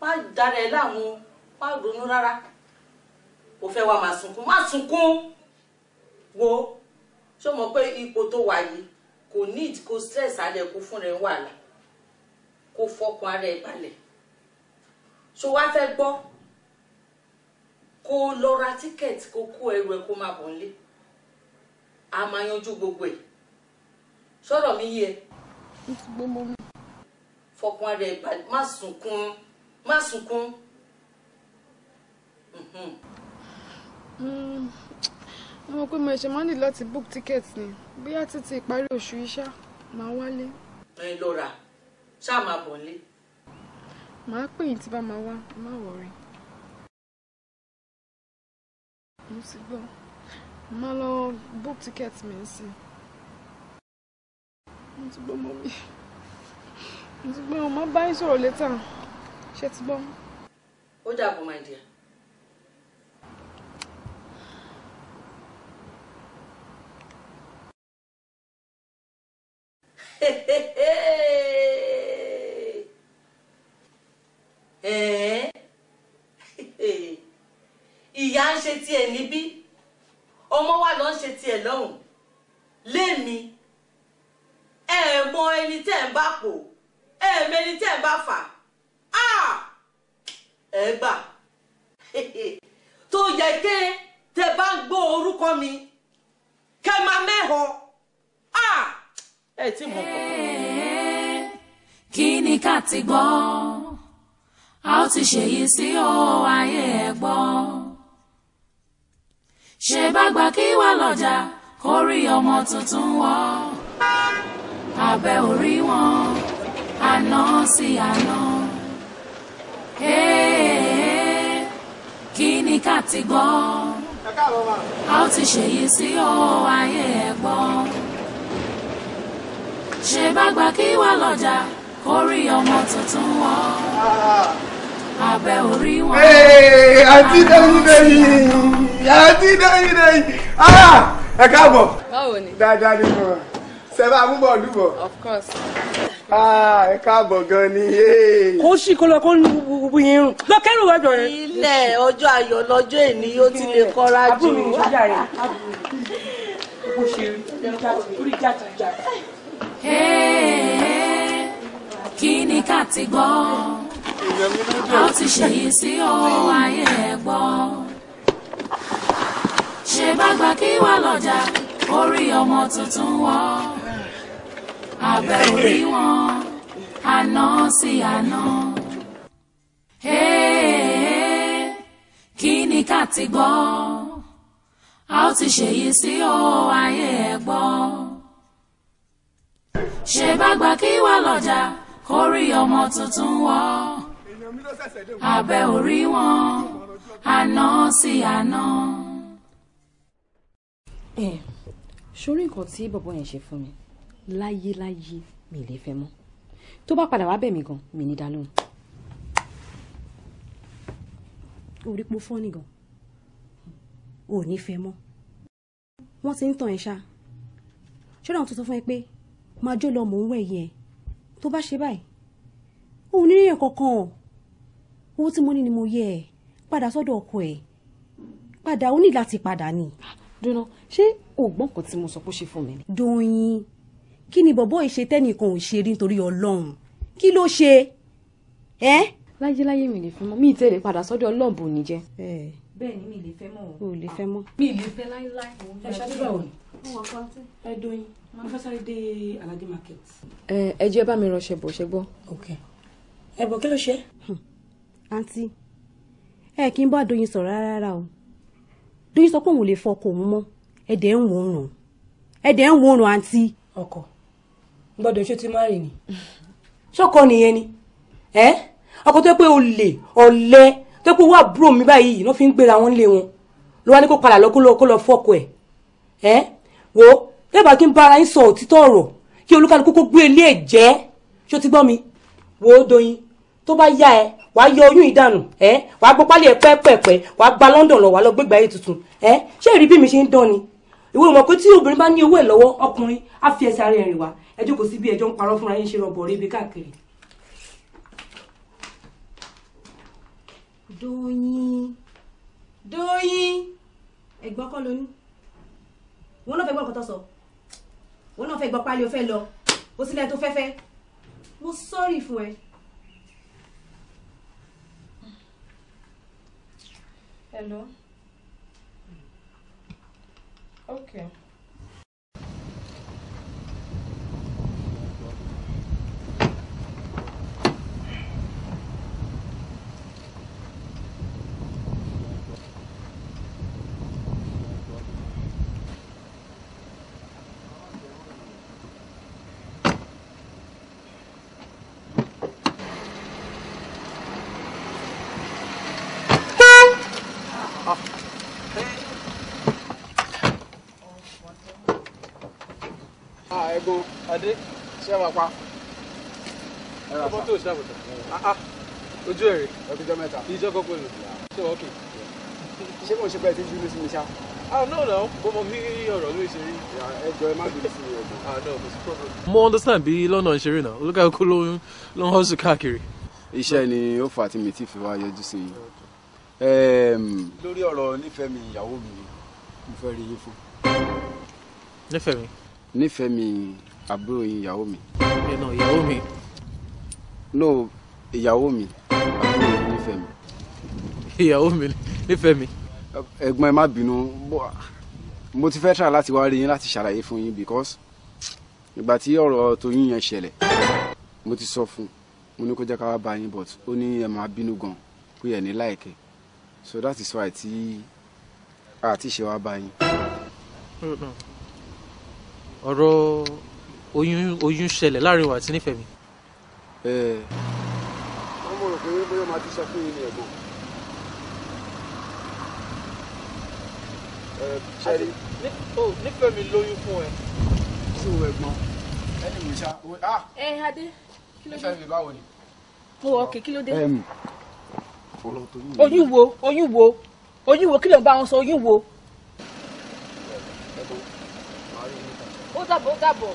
má dára ẹ láwọn má ronú rárá o fẹ́ wá máa sunkún má sunkún wo ṣé o mọ̀ pé ipò tó wà yìí kò need, kò stress alẹ́ kó fún rẹ̀ wà lá kó fọkàn ara ẹ̀ balẹ̀ ṣó wá fẹ́ gbọ́ kó lọ ra tíkẹ́ẹ̀tì kó kó ẹrù ẹ̀ kó máa bọ̀ nílé a máa yanjú gbogbo ẹ̀ sọ̀rọ̀ mi yé fọkàn ara ẹ̀ balẹ̀ má sunkún má sunkún. Mm. Mm, mo pé mo ṣe máa ń lè láti book ticket ni bóyá títí ìparí oṣù iṣá máa wálé. ẹ lọ rà ṣáà máa bọ̀ nílé. màá pè yín tí bá máa wá má wọrí. mo ti gbọ́ màá lọ book ticket mi sí i. mo ti gbọ́ mọ́ mi mo ti gbọ́ mọ́ bá yín sọ̀rọ̀ létà ṣé ti gbọ́. ó dàbọ̀ my dear. Eh, eh, eh. ìyá ń ṣe tiẹ̀ níbí ọmọ wa ló ń ṣe tiẹ̀ lọ́hùn lémi ẹ mọ ẹni tẹ́ ń bá pò ẹ mẹni tẹ́ ń bá fà ah! ẹ gbà tó yẹ kí tẹ́ bá ń gbọ́ orúkọ mi kẹ́ máa mẹ́họ. Ah! ẹ tí mọ̀ kọ́. kí ni ká ti gbọ́ a ó ti ṣèyí sí o ayé ẹ̀ gbọ́ ṣe bá gba kí wà lọ́jà kó rí ọmọ tuntun wọ́ abẹ́ orí wọn àná sí àná eh, kí ká ti gbọ́ a ó ti ṣèyí sí o ayé ẹ̀ gbọ́ ṣe bá gba kí wà lọ́jà kórí ọmọ tuntun wọn abẹ́ orí wọn. àti dẹ́yìn dẹ́yìn àti dẹ́yìn dẹ́yìn ah, ẹ káàbọ̀. báwo ni. dáadáa ni mo sẹ́fà múbọ̀ dùbọ̀. of course. Ah, ẹ káàbọ̀ gan ni. kó sì kó lọ kó bu yín rùn lọ́kẹ́rù wájú rẹ. ilé ọjọ́ ayọ̀ lọ́jọ́ èní yóò ti lè kọ́ra jù. àbúrò mi ò jáde àbúrò mi ò ṣe rí jáde jáde kí ni ká ti gbọ́ a ó ti ṣèyí sí ohun ayé ẹ̀ gbọ́ ṣe bá gba kí wà lọ́jà orí ọmọ tuntun wọ́ abẹ́ orí wọn àná sí àná kí ni ká ti gbọ́ a ó ti ṣèyí sí ohun ayé ẹ̀ gbọ́ ṣe bá gbà kí wà lọ́jà kórí ọmọ tuntun wọ́ abẹ́ orí wọn àná sí àná. ẹ sórí nǹkan tí bọ̀bọ̀ yẹn ṣe fún mi láyéláyé mi lè fẹ́ mọ́ tó bá padà wá bẹ̀ mí gan mi ní dá lóhùn. orí po fọ́ọ̀nì gan ò ní fẹ́ mọ́ wọ́n ti ń tàn ẹ́ ṣá ṣọ́dọ̀ àwọn tó sọ fún ẹ pé máa jó lọ mò ń wẹ̀ yẹn tó bá ṣe báyìí òun nílé yẹn kankan owó tí mo ní ni mo yẹ ẹ padà sọ́dọ̀ ọkọ ẹ padà ó ní láti padà ni. dùnà ṣé ògbọ́n kan tí mo sọ pé ó ṣe fún mi. dòyìn kí ni bọ̀bọ́ ìṣe tẹ́nìkan ò ṣe nítorí ọlọ́run kí ló ṣe ẹ́. láyéláyé mi lè fẹ́ mọ́ mi ìtẹ̀lé padà sọ́dọ̀ ọlọ́run bò ní jẹ́. bẹ́ẹ̀ ni mi lè fẹ́ mọ́ o. o lè fẹ́ mọ́. mi lè fẹ́ láéláé. ẹ é báwo ni. ẹ dòyìn mo fẹ́ sáré dé aladi market. ẹ jẹ́ bá mi ránṣẹ́ bọ̀ ṣe gbọ́. ẹ bọ̀ kí ló ṣe. Hmm. àǹtí ẹ kì í bá Doyin sọ̀rọ̀ rárá o Doyin sọ pé òun ò lè fọkàn òun mọ́ ẹ dẹ̀ ń wò ó rùn ẹ dẹ̀ ń wò ó rùn àǹtí. ọkọ gbọ́dọ̀ ṣó ti máa rìn ni ṣọkọ nìyẹn ni ẹ ọkọ tó pé olè ọ̀lẹ tó pé owó àbúrò mi báyìí yìí ló fi ń gbéra wọn lé wọn ló wá ní kó padà lọ kó lọ fọkọ ẹ ẹ wo ẹ bá kí n bára yín sọ òtítọ́ ọ̀rọ̀ kí olúkálukú kó gbé ilé ẹ̀ jẹ́ ṣó ti gbọ́ mi wò ó doyin tó bá yá ẹ wà á yọ oyún ìdànù ẹ wà á gbọ́ pálí ẹ pẹ́ẹ́pẹ́ẹ́pẹ́ wà á gba London lọ wà á lọ gbégbá ayé tuntun ẹ ṣé ìrí bí mi ṣe ń dán ni ìwé ìmọ̀ pé tí obìnrin bá ní owó ẹ̀ lọ́wọ́ ọkùnrin á fi ẹsẹ̀ ara ẹ̀rìn wá ẹ jókòó sí bí ẹjọ́ ń parọ́ fúnra yín ṣe rọ̀bọ̀ rí wọn lọ fẹ́ gbọ́ nǹkan tó sọ òun náà fẹ́ gbọ́ pálí o fẹ́ lọ o sílẹ̀ tó fẹ́ fẹ́ mo sọ́ọ̀rì fún ẹ. hello okay. ṣẹ́wà pa. ọmọ tó ah, ah. ojú ẹ̀ rè mẹ́ta ìjọ kan pẹ̀lú ṣé wọ́n kì í. ṣé mo ṣe bẹ́ẹ̀ tí júlù mi sí mi ah, ọ̀dọ̀. mo understand bí lọ́nà ń ṣeré náà olúkàkú ló ń ló ń hustle káàkiri. iṣẹ́ ni ó fà á tí mi ti fi wá yọjú sí i. lórí ọ̀rọ̀ nífẹ̀ẹ́ mi ìyàwó mi mo fẹ́ rí yín fún. nífẹ̀ẹ́ mi. nífẹ̀ẹ́ mi àbúrò yín ìyàwó mi. ẹnà ìyàwó mi. no ìyàwó mi àbúrò yín nífẹ̀ẹ́ mi. ìyàwó mi nífẹ̀ẹ́ mi. ẹ̀gbọ́n ẹ má bínú mo ti fẹ́ try láti wá rí yín láti ṣàlàyé fún yín because ìgbà tí ọ̀rọ̀ Tóyìn yẹn ṣẹlẹ̀ mo ti sọ fún un mo ní kó jẹ́ ká wá bá yín but ó ní ẹ máa bínú gan pé ẹ̀ ní láìkẹ́ so that is why tí a ti ṣe wá bá yín. ọ̀rọ̀ oyún oyún ṣẹlẹ̀ láàrin wa àti nífẹ̀ẹ́ mi. wọ́n mọ̀ rò pé bóyá máa ti sọ fún yín ní ẹ̀gbọ́n. ṣẹ́rí. nífẹ̀ẹ́ mi lóyún fún ẹ. sí ìwé ẹ̀gbọ́n ẹni mi ṣá. ẹ adé kí ló dé. nífẹ̀ẹ́ mi báwo ni. mo wọ ọkẹ kí ló dé. oyún wo oyún wo oyún wo kí ló ń bá wọn sọ oyún wo. ó dàbọ̀ ó dàbọ̀.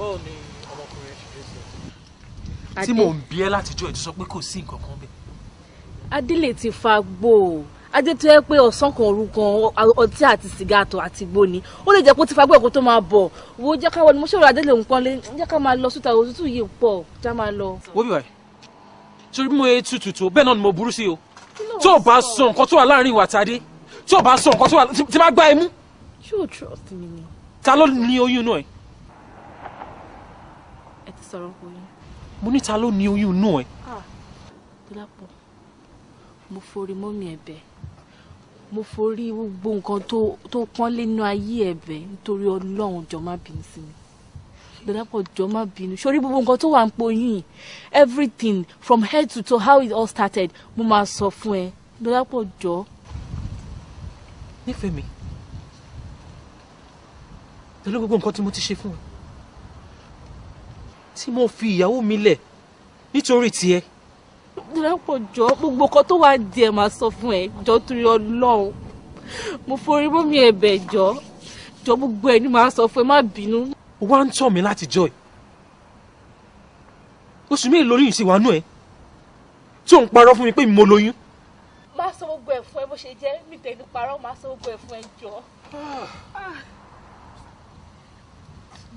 báwo ni ọmọkùnrin ṣe dé sí i. tí mò ń bí ẹ látijọ́ ẹ̀ tó sọ pé kò sí nǹkan kan bẹ́ẹ̀. adélè ti fa gbó o adé tó yẹ pé ọ̀sán kan òru ọtí àti sìgá àtọ̀ àti igbó ni ó lè jẹ́ pé ó ti fagbọ́ ẹ̀kọ́ tó máa bọ̀ wo jẹ́ ká ni mo ṣòro adé ń pọ́nlé jẹ́ máa lọ sùtà òtútù yìí pọ̀ já máa lọ. wo bí wàá torí mo ye tutù tó bẹ́ẹ̀ náà ni mo burú sí o tí o bá sọ nǹkan tó wà láàrin ìwà tàdé tí o bá sọ nǹkan tó wà tí bá gbá ẹ mú. yóò trust mi ta ló ní oyún náà ẹ sọ̀rọ̀ kò yín. mo níta ló ní oyún inú ẹ. Ah, Dọlápọ̀ mo forí mọ́mí ẹ̀bẹ̀ mo forí gbogbo nǹkan tó pọ́n lẹ́nu ayé ẹ̀bẹ̀ nítorí ọlọ́run jọ má bínú sí mi Dọlápọ̀ jọ má bínú sórí gbogbo nǹkan tó wà ń po yín everything from head to toe how it all started mo máa sọ fún ẹ Dọlápọ̀ jọ. nífẹ̀ẹ́ mi pẹ̀lú gbogbo nǹkan tí mo ti ṣe fún ọ tí mo fi ìyàwó mi lẹ̀ nítorí tiẹ̀. dàpọ̀ jọ gbogbo kan tó wà díẹ̀ máa sọ fún ẹ jọ torí ọlọ́run mo forí mọ́ mi ẹ̀bẹ̀ jọ jọ gbogbo ẹ ní máa sọ fún ẹ má bínú. wá ń tọ̀ mí láti jọ ẹ̀ oṣù mélòó lóyún sí wàánú ẹ̀ tí òun parọ́ fún mi pé mo lóyún. má sọ gbogbo ẹ̀ fún ẹ bó ṣe jẹ́ mi tẹ̀lé parọ́ má sọ gbogbo ẹ̀ fún ẹ jọ. Ah. Ah.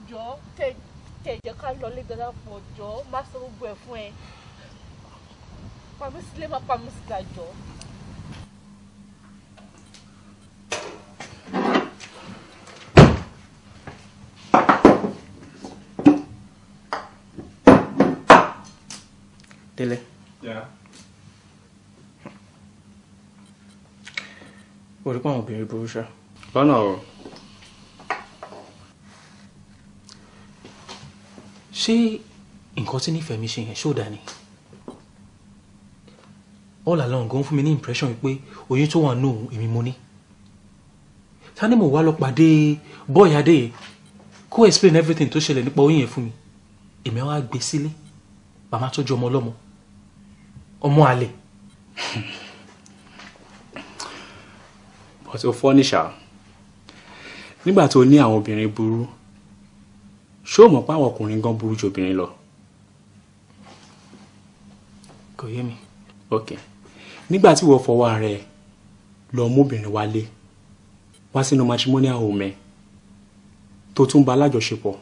jọ tẹ̀lé tẹ̀ jẹ́ ká lọ lé dada pọ̀ jọ má sọ gbogbo ẹ̀ fún ẹ pàmí sílé má pàmí síta jọ. Dele. Yeah. Orí pọ̀ àwọn obìnrin burú ṣá. Bọ́nà ọ̀rọ̀. ṣé nǹkan tí nífẹ̀ẹ́ mi ṣe yẹn ṣó ni all along gan fún mi ní impression wípé oyún tó wà nù èmi mo ní ta ni mo wá lọ pàdé bọ́ọ̀yì adé kó explain everything tó ṣẹlẹ̀ nípa oyún yẹn fún mi èmi wá gbé sílé màmá tọ́jú ọmọ ọlọ́mọ ọmọ àlè. but o fọ́ níṣà nígbà tó ní àwọn obìnrin burú ṣé o mọ̀ pé àwọn ọkùnrin gan burú ju obìnrin lọ. kò yé mi. ok nígbà tí ìwọ fọwọ́ rẹ lọ mú obìnrin wálé wá sínú matrimonial home ẹ tó tún bá alájọṣepọ̀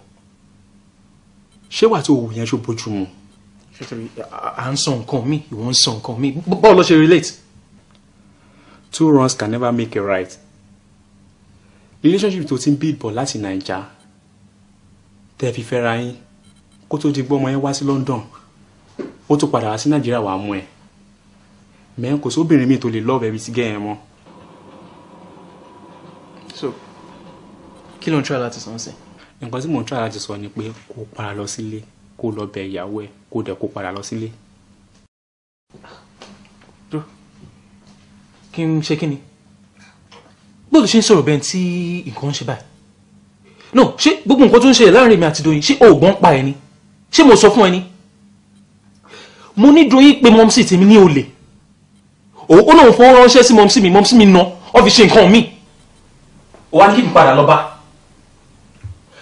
ṣé wàá tó òwò yẹn ṣó bójú mu. à ń sọ nǹkan mi ìwọ ń sọ nǹkan mi báwo ló ṣe relate. two wrongs can never make a right relationship tó ti ń build bọ̀ láti naija tẹ́ fi fẹ́ra yín kó tó di gbọ́mọ yẹn wá sí London ó tún padà wá sí Nàìjíríà wàá mú ẹ mẹ́rin kò sóbìnrin mi tó lè lọ́ọ̀bù ẹbí ti gẹ́ yẹn mọ́. so kí ló ń try láti sọ ń sìn. nǹkan tí mò ń try láti sọ ni pé kó padà lọ sílé kó lọ bẹ ìyàwó ẹ kó dẹ̀ kó padà lọ sílé. kí n ṣe kí ni bóòlù ṣe ń sọ̀rọ̀ bẹ́ẹ̀ tí nǹkan ń ṣe báyìí no ṣé gbogbo nǹkan tó ń ṣẹlẹ̀ láàrin mi àti Doyin ṣé oògbọ́n pa ẹ ni ṣé mo sọ fún ẹ ni mo ní Doyin pé mọ́mísì tèmi ní olè ó lóun fọwọ́ ránṣẹ́ sí mọ́mísì mi mọ́mísì mi ná ó fi ṣe nǹkan míì wà ní kí n padà lọ bá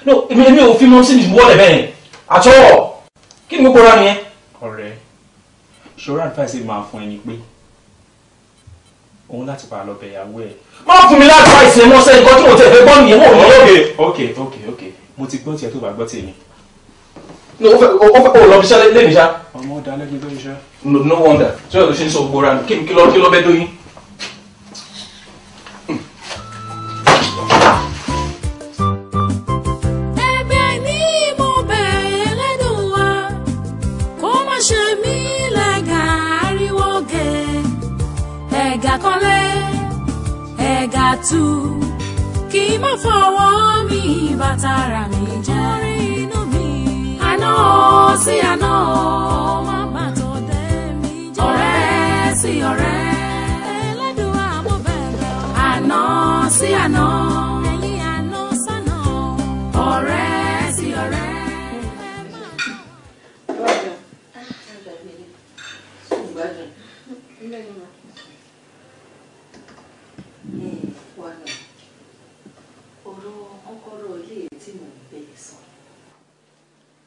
no èmi èmi ò fi mọ́mísì mi wọlé bẹ́ẹ̀ àtọ́ kí ni gbogbo ra nìyẹn. ọ̀rẹ́ ṣòro àdìfáìsì máa fún ẹni pé òun láti bá a lọ bẹ̀yà wẹ̀. má fún mi láti wá ìsinmi ọsẹ nǹkan tí mo tẹ fẹ́ gbọ́ nìyẹn mò ń lọ. ok ok ok mo ti gbọ́ tiẹ̀ tó bá gbọ́ tèmi. ní o fẹ o fẹ o lọ bíṣẹ́ lẹ́nu iṣá. ọmọ ọ̀dà lẹ́gbẹ̀ẹ́ iṣẹ́. no wonder tí o yà ló ṣe ń sọ gbóra kí ló kí dóyin. jésù kì í má fọwọ́ mi bàtà rà mí jẹ́ orí inú mi àná sí àná má bà tó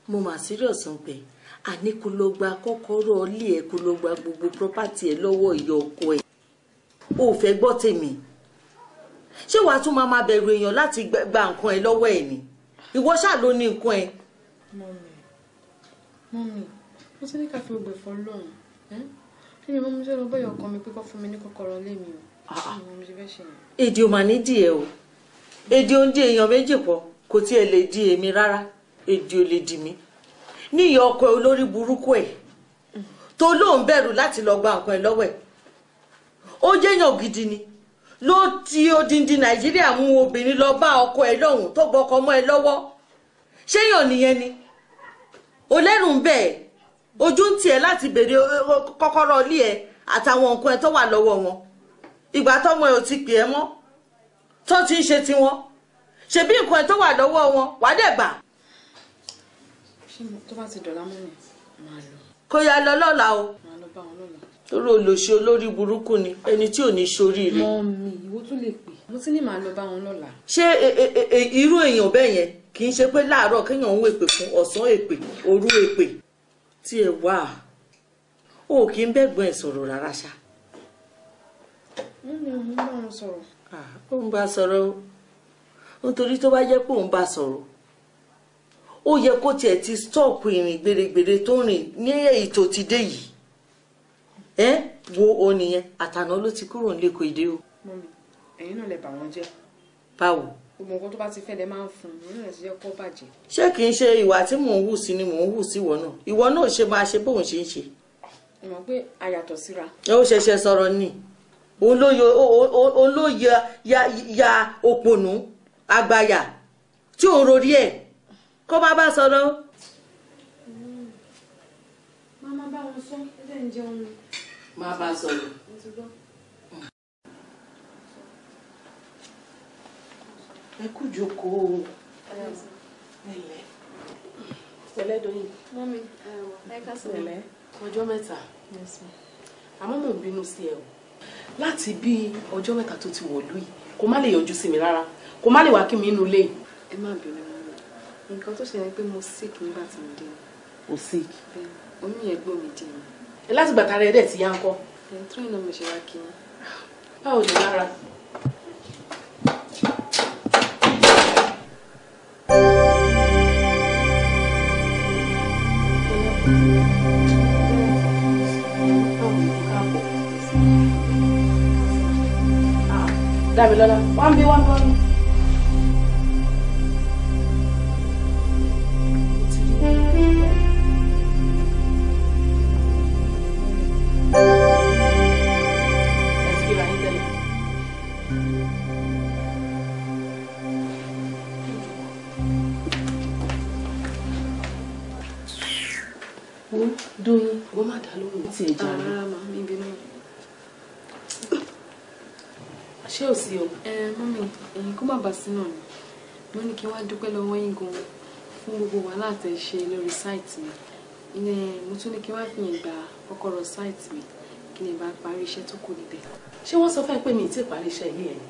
mo mà serious ń pẹ́ àní kó lọ gba kọ́kọ́rọ́ ilé ẹ̀ kó lọ gba gbogbo property ẹ̀ lọ́wọ́ ìyá ọkọ ẹ̀ o ò fẹ́ gbọ́ tèmi ṣé wàá tún máa máa bẹ̀rù èèyàn láti gba nǹkan ẹ̀ lọ́wọ́ ẹ̀ ni ìwọ ṣáà ló ní nǹkan ẹ̀. mọ́mí mọ́mí mo ti ní ká fi ògbè fọ́ lọ́run kí ni mọ́mí ṣe lọ bọ́ ìyọkàn mi pé kó fún mi ní kọ́kọ́rọ́ lé o ah, ah. kí ni mọ́mí èdè ò mà ní dì ẹ o èdè oúnjẹ èèyàn méjì pọ̀ kò tiẹ̀ lè di èmi rárá èdè ò lè dì mí ní ìyá ọkọ olórí burúkú ẹ̀ tó lóun bẹ̀rù láti lọ gba nǹkan ẹ̀ lọ́wọ́ ẹ̀ ó jẹ́yàn gidi ni ló ti odindi nàìjíríà mú obìnrin lọ bá ọkọ ẹ̀ lọ́hùn tó gbọ́kọ mọ́ ẹ lọ́wọ́ ṣéyàn nìyẹn ni o lẹ́rù ń bẹ̀ ojú ń tiẹ̀ láti béèrè kọ́kọ́rọ́ ilé ẹ̀ àtàwọn nǹkan ẹ̀ tó wà lọ́wọ́ wọn ìgbà tọ́mọ ẹ̀ ò ti pè é mọ́ tó ti ń ṣe tiwọn ṣebí nǹkan ẹ̀ tó wà lọ́wọ́ wọn wàá dẹ̀ tó bá ti dọ̀la mú mi máa lọ. kó yá lọ lọ́la o. máa lọ bá wọn lọ́la. torí olóṣì olórí burúkú ni ẹni tí ò ní ṣoríire. mọ mi ìwọ tún lè pè mo ti ní màá lọ bá wọn lọ́la. ṣé e, e, e, irú èèyàn bẹ́ẹ̀ yẹn kì í ṣe pé láàárọ̀ kéèyàn ń èpè fún ọ̀sán èpè òru èpè tí ẹ wà ó kì í bẹ́gbọ́n ẹ̀ sọ̀rọ̀ rárá ṣá. mo ní òun bá wọn sọ̀rọ̀. ó ń bá sọ̀rọ̀ nítorí tó bá jẹ́ pé òun bá sọ̀rọ̀ ó yẹ kó tiẹ̀ ti stop ìrìn gbèrègbèrè tó rìn ní èyí tó ti dé yìí ẹ wo o nìyẹn àtàná ló ti kúrò nílé kò ìdè o. mọ́mí ẹ̀yin náà lè bà wọ́n jẹ́. báwo. gbogbo nǹkan tó bá ti fẹ́ lẹ máa ń fún un nínú ẹ̀sìn jẹ́ kó bàjẹ́. ṣé kì í ṣe ìwà tí mò ń hù sí ni mò ń hù sí ìwọ náà ìwọ náà ṣe máa ṣe bóun ṣe ń ṣe. ìmọ̀ pé a yàtọ̀ síra. ó ṣẹ̀ṣẹ̀ sọ̀rọ̀ ni òun ló ya òpònú àgbàyà tí òun rorí ẹ̀ kó bá bá sọ̀rọ̀. màmá bá wọn sọ ẹgbẹ́ ń jẹun ni. má bá sọ̀rọ̀. ẹ kú jókòó o pẹ̀lẹ́ dọ́yìn. mọ́mí ẹ ká sọ ẹlẹ́. ọjọ́ mẹ́ta àmọ́ mò ń bínú sí ẹ o láti bí ọjọ́ mẹ́ta tó ti wọ̀lú yìí kò má lè yọjú sí mi rárá kò má lè wá kí mi nínú ilé ẹ má bínú nǹkan tó ṣẹlẹ̀ pé mo sick nígbà tí mo dé ni. o sick. oyún yẹn gbó mi dé ni. ẹ láti gbàtà rẹ dẹ̀ ti yá ń kọ́. ẹ tó iná mi ṣe wá kí ni. báwo ni lára. Dábìlọ́lá, wọ́n bí wọ́n bí wọ́n bí. tiẹ̀ jàre. àmàmà mi bínú. ṣé ò sí o. ẹ mọ́mí ẹ̀yin kó má bàa sí náà ni mo ní kí n wá dúpẹ́ lọ́wọ́ yín gan-an fún gbogbo wàhálà tẹ̀ ṣe lórí sáìtì mi ilé mo tún ní kí n wá fìyàn gba kọ́kọ́rọ́ sáìtì mi kí n bá parí iṣẹ́ tó kù níbẹ̀. ṣé wọ́n sọ fún ẹ pé mi ì tí ì parí iṣẹ́ ilé ẹ̀ ni.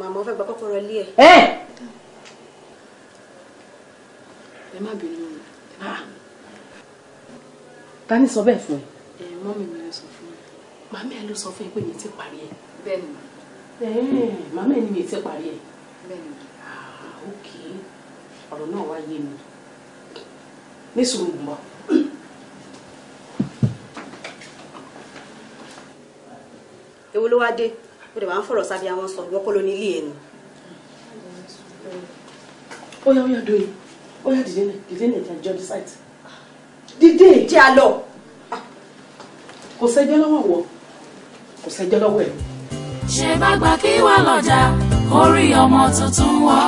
màmá fẹ́ gba kọ́kọ́rọ́ ilé ẹ̀. ẹ má bínú ta ni sọ bẹ́ẹ̀ fún ẹ. ẹ mọ́mì mi ló sọ fún mi. màmí ẹ ló sọ fún ẹ pé mi ti parí ẹ. bẹ́ẹ̀ni. màmí ẹ ni mi ti parí ẹ. bẹ́ẹ̀ni. ok ọ̀rọ̀ náà wá yé mi ní sùúrù gbọ́. ewu ló wá dé ó dẹ̀ wá ń fọ̀rọ̀ sábẹ́ àwọn sọ wọ́n kọ́ ló ní ilé ẹ̀ nù. ó yá ó yá doyin ó yá dìde náà dìde náà jẹ́ dí sáìtì dídé ìjẹ́ alọ́ ah, kò sẹ́jọ́ lọ́wọ́ wọ kò sẹ́jọ́ lọ́wọ́ ẹ̀. ṣe bá gba kí wà lọ́jà orí ọmọ tuntun wọ́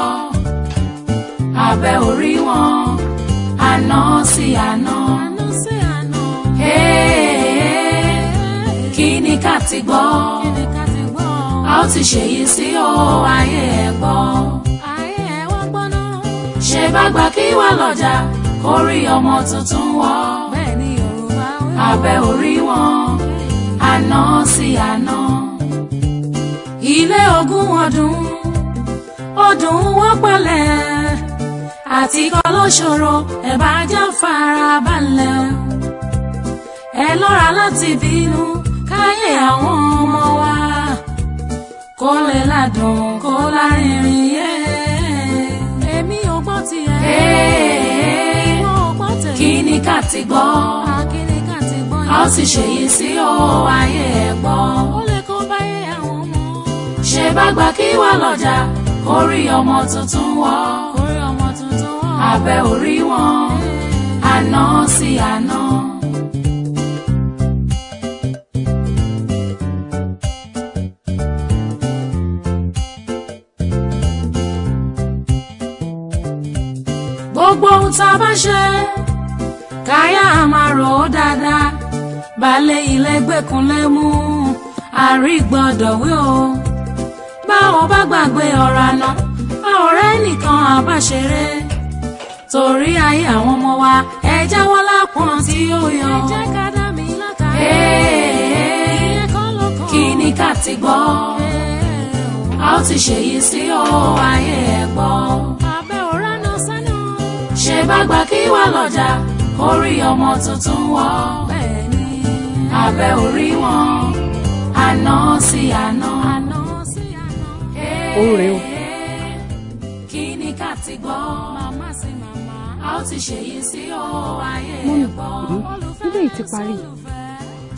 abẹ́ orí wọn àná sí àná kí ni ká ti gbọ́ a ó ti ṣèyí sí o ayé ẹ̀ gbọ́ ṣe bá gba kí wà lọ́jà kórí ọmọ tuntun wọ́ abẹ́ orí wọn àná sí àná ilé ogún ọdún ọdún wọ́n pẹ̀lẹ́ àti kọ́ ló ṣòro ẹ̀ bá já fara balẹ̀ ẹ lọ́ra láti bínú káyé àwọn ọmọ wa kó lè ládùn kó lárinrin yé èmi ò gbọ́ tiẹ̀ akíníkà ti gbọ́ a ó sì ṣèyí sí o ayé ẹ̀ gbọ́. ó lè kó báyé àwọn ọmọ. ṣe bá gba kí wà lọ́jà kó ọmọ tuntun wọ́. kó orí wọn àná sí àná. gbogbo ohun tá a bá ṣe káyà máa rò ó dáadáa balẹ̀ ilé gbẹ̀kúnlé mú àrí gbọ́dọ̀ o báwo bá gbàgbé ọ̀rọ̀ àná a ò rẹ́ nìkan àbáṣeré torí ayé àwọn ọmọ wa ẹ jáwọ́ lápọ̀n tí ó yọ. ẹ jẹ́ ká dá mi lákà. kí ni ká ti gbọ́ a ó oh. ti ṣèyí sí ọ ayé ẹ̀ gbọ́. àbẹ̀ òrànà sánà. ṣe bá gbà kí wà lọ́jà orí ọmọ tuntun wọ́ abẹ́ orí wọn àná sí àná. ó rè o. kí ni ká ti gbọ́ màmá sí màmá a ó ti ṣèyí sí o ayé ẹ̀bọ̀. nílé yìí ti parí.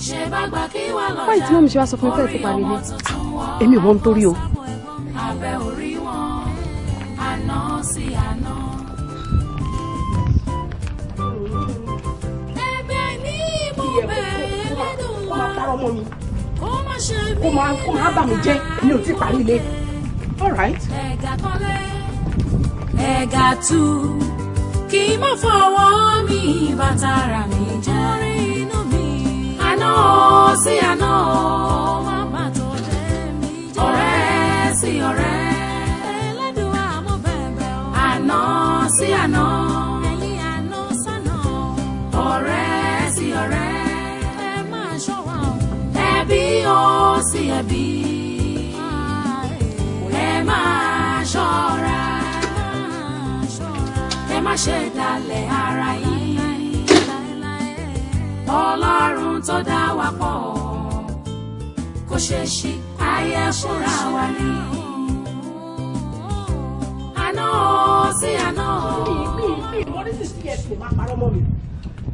ṣe bá gba kí wà lọ́jà báyìí tí mọ́mí ṣe wá sọ fún mi fẹ́ẹ̀ ti parí ni ah, èmi ò mọ̀ nítorí o. abẹ́ orí wọn àná sí àná. pààrọ̀ ọmọ mi kó máa kó máa bà mí jẹ́ mi ò tí parí ilé all right. ẹ̀gà kọ́lé ẹ̀gà tú kì í má fọwọ́ mi bàtà rà mí jẹ́ rí inú mi àná sí àná má má tó jẹ́ mi jẹ́ ọ̀rẹ́ sí ọ̀rẹ́ ẹlẹ́dùn àmọ́ bẹ̀rẹ̀ àná sí àná ẹ̀yìn àná sànà ọ̀rẹ́. ẹbí ó sí ẹbí ẹ máa ṣọ́ra ẹ má ṣe dalẹ̀ ara yín ọlọ́run tó dá wa pọ̀ kò ṣeé ṣí ayé fúnra wa ni àná sí àná.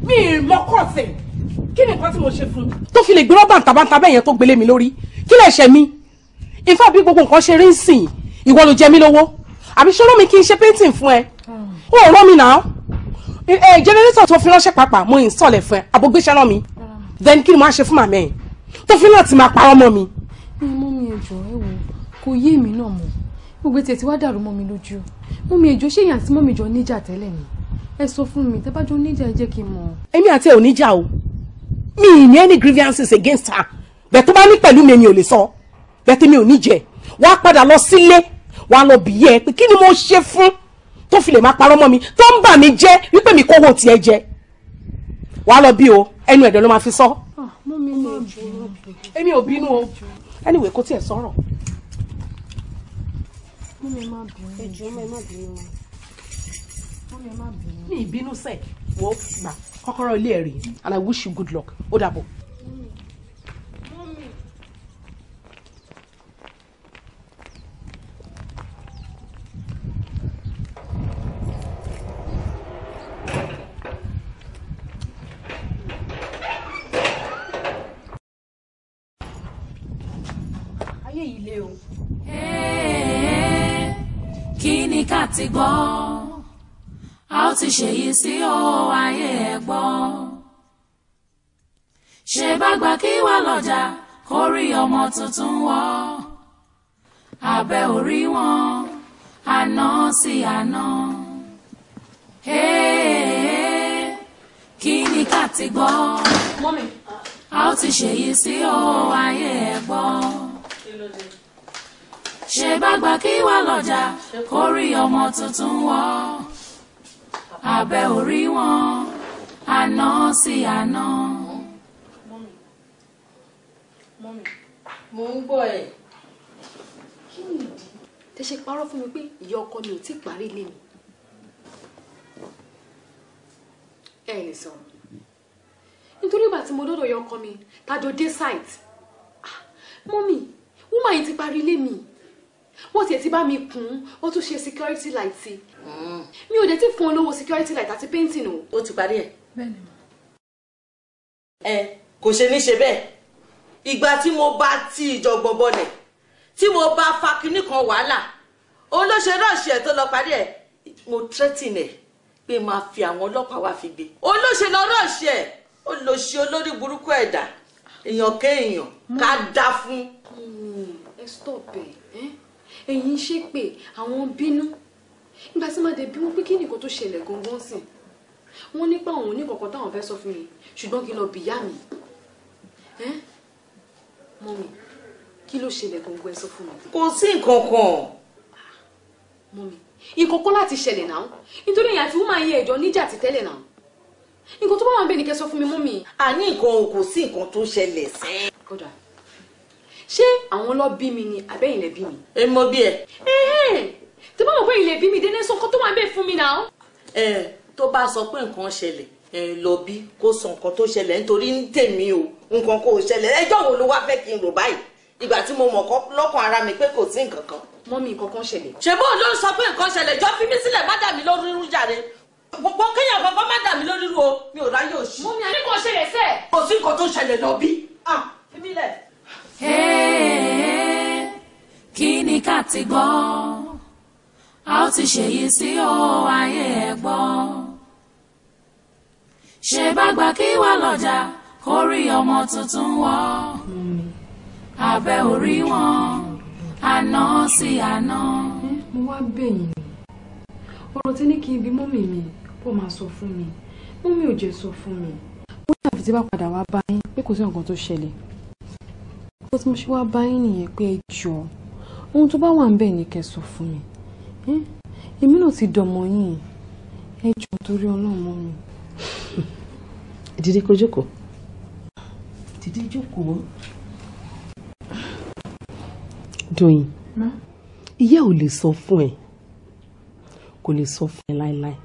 mi ì mọ kọ́ọ̀tì kí ni nǹkan tí mo ṣe fún. tó fi lè gbé rọ́bà ntàbàntà bẹ́ẹ̀ yẹn tó gbélé mi lórí kí lè ṣe mí ìfá bí gbogbo nǹkan ṣe rí ń sìn ìwọ ló jẹ mí lówó àbí ṣọ́rọ́ mi kí n ṣe painting fún ẹ ah. ó rán mi náà ẹ jẹnẹrétọ̀ tó fi ránṣẹ́ pàápàá mo install ẹ̀ fún ẹ àbógbéṣẹ́ rán mi ah. then kí ni màá ṣe fún màmá ẹ tó fi náà ti máa parọ́ mọ́ mi. ẹ mọ́ mi ẹ̀jọ̀ ẹ wò kò yé èmi náà mọ́ gbogbo ni ẹ sọ fún mi tẹ́ bá jọ níjà ẹ jẹ́ kí mi ní any grievances against her bẹ́ẹ̀ tó bá ní pẹ̀lú mi mi ò lè sọ bẹ́ẹ̀ tí mi ò ní jẹ wàá padà lọ sílé wàá lọ bìí ẹ pé kí ni mo ṣe fún tó fi lè máa parọ́ mọ́ mi tó ń bà mí jẹ́ wípé mi kówó tiẹ̀ jẹ wàá lọ bí o ẹnu ẹ̀dọ̀ ló máa fi sọ. èmi ò bínú o anyway kó tiẹ̀ sọ̀rọ̀ mi ìbínú sẹ̀ wọ́n gbà kọ́kọ́rọ́ ilé ẹ̀ rèé and I wish you good luck ó dàbọ̀. ayé yìí lé o. kí ni ká ti gbọ́ a ó ti ṣèyí sí o ayé ẹ gbọ́. ṣe bá gba kí wà lọ́jà kó rí ọmọ tuntun wọ́ abẹ́ orí wọn àná sí àná. kí ni ká ti gbọ́ a ó ti ṣèyí sí o ayé ẹ gbọ́. ṣe bá gba kí wà lọ́jà kó rí ọmọ tuntun wọ́ abẹ́ orí wọn àná sí àná. mo ń gbọ́ ẹ̀. kí ni ìdí tẹ ṣe parọ́ fún mi pé ìyá ọkọ mi ò tí ì parí ilé mi. ẹ lè sọ nítorí ìgbà tí mo dọ́dọ̀ ìyá ọkọ mi tájọ dé site ah, mọ́mì wúmọ̀ yìí ti parí ilé mi wọ́n tiẹ̀ ti bá mi kùn ún wọ́n tún ṣe security light sí mi ò dẹ̀ ti fún olówó security light àti painting o. ó ti parí ẹ̀. bẹ́ẹ̀ni. ẹ kò ṣe ní ṣe bẹ́ẹ̀ ìgbà tí mo bá ti ìjọ̀gbọ̀n bọlẹ̀ tí mo bá fa kinní kan wàhálà olóṣè rọ̀ṣì ẹ̀ tó lọ parí ẹ̀ mo threaten ẹ̀ pé máa fi àwọn ọlọ́pàá wá fi gbé olóṣè lọ rọ̀ṣì ẹ̀ olóṣì olórí burúkú ẹ̀dá èèyàn kéèyàn ká dá fún. Hmm, ẹ stop ẹ ẹ̀yin ṣépè àwọn bínú nígbà tí màdé bí wọ́n pé kí nìkan tó ṣẹlẹ̀ gangan sìn wọ́n nípa òun ní kọ̀ọ̀kan táwọn fẹ́ sọ fún mi ṣùgbọ́n kí n lọ bìyà mi mọ́mi kí ló ṣẹlẹ̀ gangan ẹ sọ fún mi. kò sí nǹkan kan. Ah, mọ́mi ìkọ̀kọ́ láti ṣẹlẹ̀ náà nítorí èèyàn àti wọ́n máa yẹ ẹ̀jọ́ níjà ti tẹ́lẹ̀ náà nǹkan tó bá wà ń bẹ̀ ní kẹ́ sọ fún mi mọ́mi. àní nǹkan o kò sí nǹkan tó ṣẹlẹ̀ sẹ́ẹ̀. kódà ṣé àwọn lọ bí mi ni àbẹ́yìn lẹ bí mi. ẹ mọ bí ẹ tí bá mọ̀ pé ilé bí mi dé ní sọ nǹkan tó wà ń bẹ̀ fún mi náà. ẹ tó bá sọ pé nǹkan ṣẹlẹ̀ ẹ lọ bí kó sọ nǹkan tó ṣẹlẹ̀ nítorí ní tèmi o nǹkan kò ṣẹlẹ̀ ẹjọ́ wo ló wá fẹ́ kí n rò báyìí ìgbà tí mo mọ̀ lọ́kàn ara mi pé kò sí nǹkan kan. mọ́mì nǹkan kan ṣẹlẹ̀. ṣèbó ló ń sọ pé nǹkan ṣẹlẹ̀ jọ fi mí sílẹ̀ má dà mí lórí rú jàre gbogbo kéèyàn kankan má dà mí lórí rú o mi ò ráyè òṣì. mọ́mì àyè kò ṣẹlẹ̀ sẹ́ẹ̀. kò sí nǹkan tó ṣẹlẹ̀ lọ bí. ah fi mí lẹ̀. kí ni ká ti gbọ́ a ó ti ṣèyí sí o ayé ẹ̀ gbọ́. ṣe bá gbà kí wà lọ́jà kó rí ọmọ tuntun wọ́ abẹ́ orí wọn àná sí àná. mo wá bẹ̀yìn ni ọ̀rọ̀ tí ní kí n bi mọ́mì mi kó máa sọ fún mi mọ́mì ò jẹ́ sọ fún mi. mo ní àfi tí bá padà wá bá yín pé kò sí nǹkan tó ṣẹlẹ̀ ó ti mo ṣe wá bá yín nìyẹn pé ẹ jọ ohun tó bá wà ń bẹ̀ ni kẹ́ sọ fún mi. Eh, èmi náà ti dọ̀mọ̀ yín ẹ jọ torí ọlọ́run mọ́ mi. dìde kó jókòó. dìde jókòó. Dòyìn ìyá ò lè sọ fún ẹ kò lè sọ fún ẹ láéláé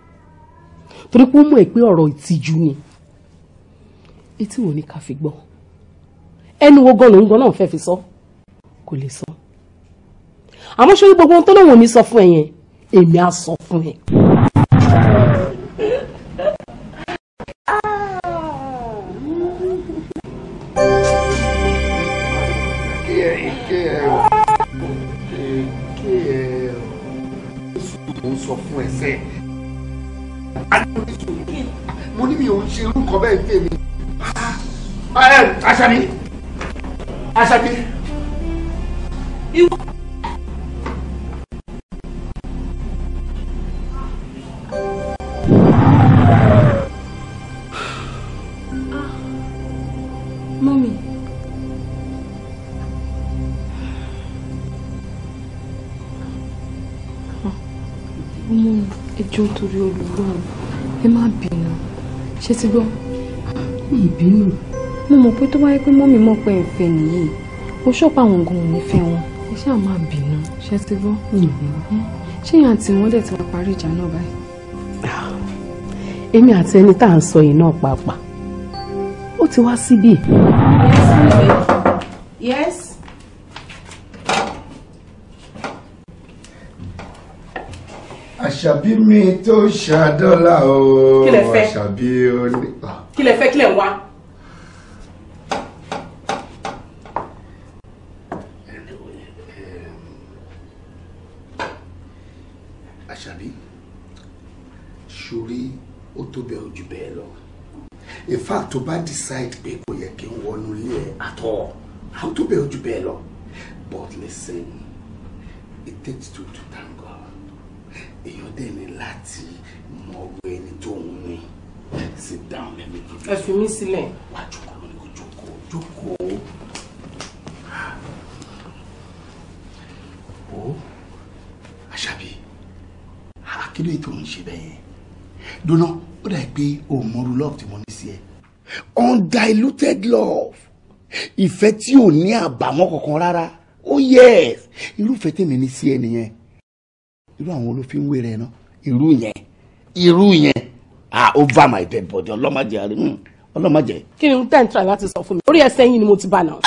torí pé ó mọ̀ ẹ́ pé ọ̀rọ̀ ìtìjú ni etí wo ni ká fi gbọ́ ẹnu wo gan ló ń gbọ́ náà fẹ́ fi sọ kò lè sọ. So àmọ́ sórí gbogbo ohun tó lóun ò ní sọ fún ẹ yẹn èmi á sọ fún ẹ. mo ní mi ò ń ṣe irú nǹkan bẹ́ẹ̀ tèmi ah, ah, Àṣàbí Àṣàbí. ìwọ ìjọ torí olùrọ̀rùn ẹ má bínú ṣé ti gbọ́. ìbínú. mo mọ̀ pé tó wáyé pé mọ́mì mọ̀ pé ń fẹ́ nìyí mo ṣọ́pọ̀ àwọn oògùn ò ní fẹ́ wọn ẹ ṣáà má bínú ṣé ti gbọ́. ṣé yàn àti wọn dẹ̀ ti wá parí ìjà náà báyìí. Ah, èmi àti ẹni tá à ń sọ yìí náà pàápàá ó ti wá síbí. ẹ síbí. àṣàbí mi tó ṣàdọ́là o àṣàbí oní. kí lẹ fẹ́ kí lẹ wá. àṣàbí ṣorí ó tó bẹ́ẹ̀ ojú bẹ́ẹ̀ lọ in fact tó bá decide pé kò yẹ kí n wọnú ilé ẹ àtọ àwọn tó bẹ́ẹ̀ ojú bẹ́ẹ̀ lọ but listen it takes two to tango èèyàn dẹ̀ ní láti mọ ọgbẹ́ ẹni tó ń ní sit down lẹ́mí tó fi. ẹ fi mí sílẹ̀. wà á jókòó lónìí kò jókòó jókòó. o àṣàbí àkìlọ̀ ètò ń ṣe bẹ́ẹ̀ yẹn dúnà ó dà pé o mọ orú love tí mo ní sí ẹ undiluted love ìfẹ́ tí ò ní àbàwọ́n kankan rárá oh yes irúfẹ́ tèmi ní sí ẹ nìyẹn irú àwọn olófin ń wéré ná irú yẹn irú yẹn ah over my dead body ọlọ́màjẹ àrùn hmm, ọlọ́màjẹ. kí ni ten try láti sọ fún mi orí ẹsẹ̀ yín ni mo ti bá náà.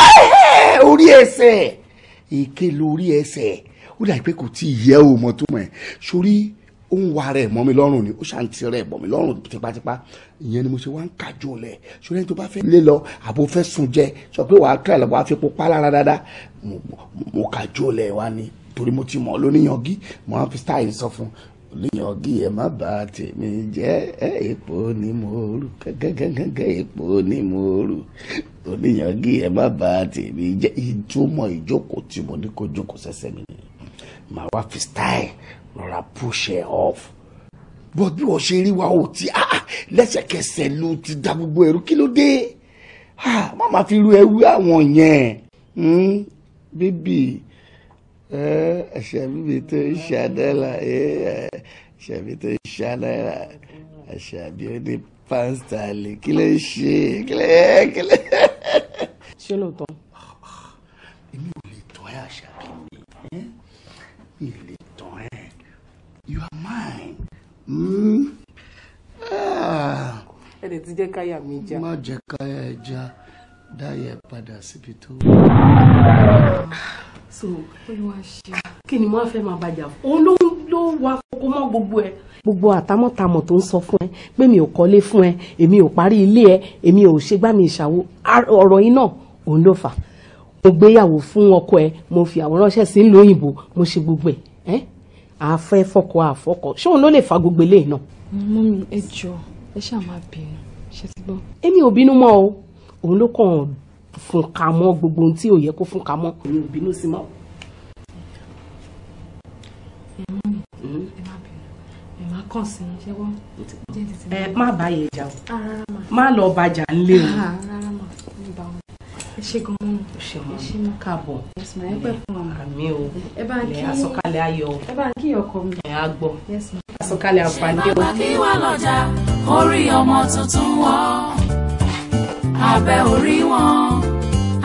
orí ẹsẹ̀ èké lórí ẹsẹ̀ ó dà pé kò tí ì yẹ o mọ tó mọ ẹ sórí ó ń wa rẹ̀ mọ́ mi lọ́rùn ni ó ṣàǹtí rẹ̀ mọ́ mi lọ́rùn tipátipá ìyẹn ni mo ṣe wá ń kàjọ lẹ̀ sórí ẹni tó bá fẹ́ lé lọ àbò fẹ́ sùn jẹ sọ pé wàá kílà lọ wàá fi pupa lára dáadáa mo kàjọ lẹ̀ wá ni torí mo ti mọ̀ ọ́ lóníyangí mo á fi style sọ fún un níyangí ẹ má bà tèmi jẹ́ ẹ èpo ni mo rù gẹ́gẹ́gẹ́gẹ́ èpo ni mo rù oníyangí ẹ má bà tèmi jẹ́ ìjómọ̀ ìjókòó tí mo ní kó jókòó sẹ́sẹ́ mi ni màá wá fi style rọra push ẹ off but bí wọ́n ṣe rí wa ò tí ah, ah, lẹ́sẹ̀kẹsẹ̀ ló ti da gbogbo ẹ̀rú kí ló dé ah, má má fi ru ẹrú àwọn yẹn hmm, bíbí Àṣàbí tó ń ṣàdára Àṣàbí tó ń ṣàdára Àṣàbí ó ní pánstálì ló ń èmi ò lè tọ́ ẹ Àṣàbí mi eh. mi ò lè tọ́ ẹ you are mine. Hmm. Ah. ẹ lè ti jẹ́ káyà mi já. má jẹ́ káyà ẹ já dáyẹ̀ padà síbi tó wà so kí ni wọ́n fẹ́ máa bàjá òun ló ló wà kókó mọ́ gbogbo ẹ̀. gbogbo àtàmọ̀tàmọ̀ tó ń sọ fún ẹ pé mi ò kọ́lé fún ẹ èmi ò parí ilé ẹ èmi ò ṣe gbá mi ìṣàwó ọ̀rọ̀ yìí náà òun ló fà mo gbéyàwó fún ọkọ ẹ mo fi àwọn ránṣẹ́ sí ìlú òyìnbó mo ṣe gbogbo ẹ àfẹ́ fọkọ àfọkọ ṣé òun ló lè fa gbogbo eléyìí náà. mú mi ẹ jọ ẹ ṣáà máa bínú ṣe ti gbọ́. èmi ò bínú mọ́ o òun ló kàn fún ka mọ́ gbogbo ohun tí ò yẹ kó fún ka mọ́ mi ò bínú sí mọ́. Mm-hmm. ẹ má bá yẹn jà o má lọ bàjà ńlẹ o ṣe ṣe mọ káàbọ̀ àmì o ilẹ̀ àsọkalẹ̀ ayọ̀ o ẹ̀ á gbọ́ àsọkalẹ̀ àǹfààní o. bàbá kí wà lọ́jà orí ọmọ tuntun wọn abẹ́ orí wọn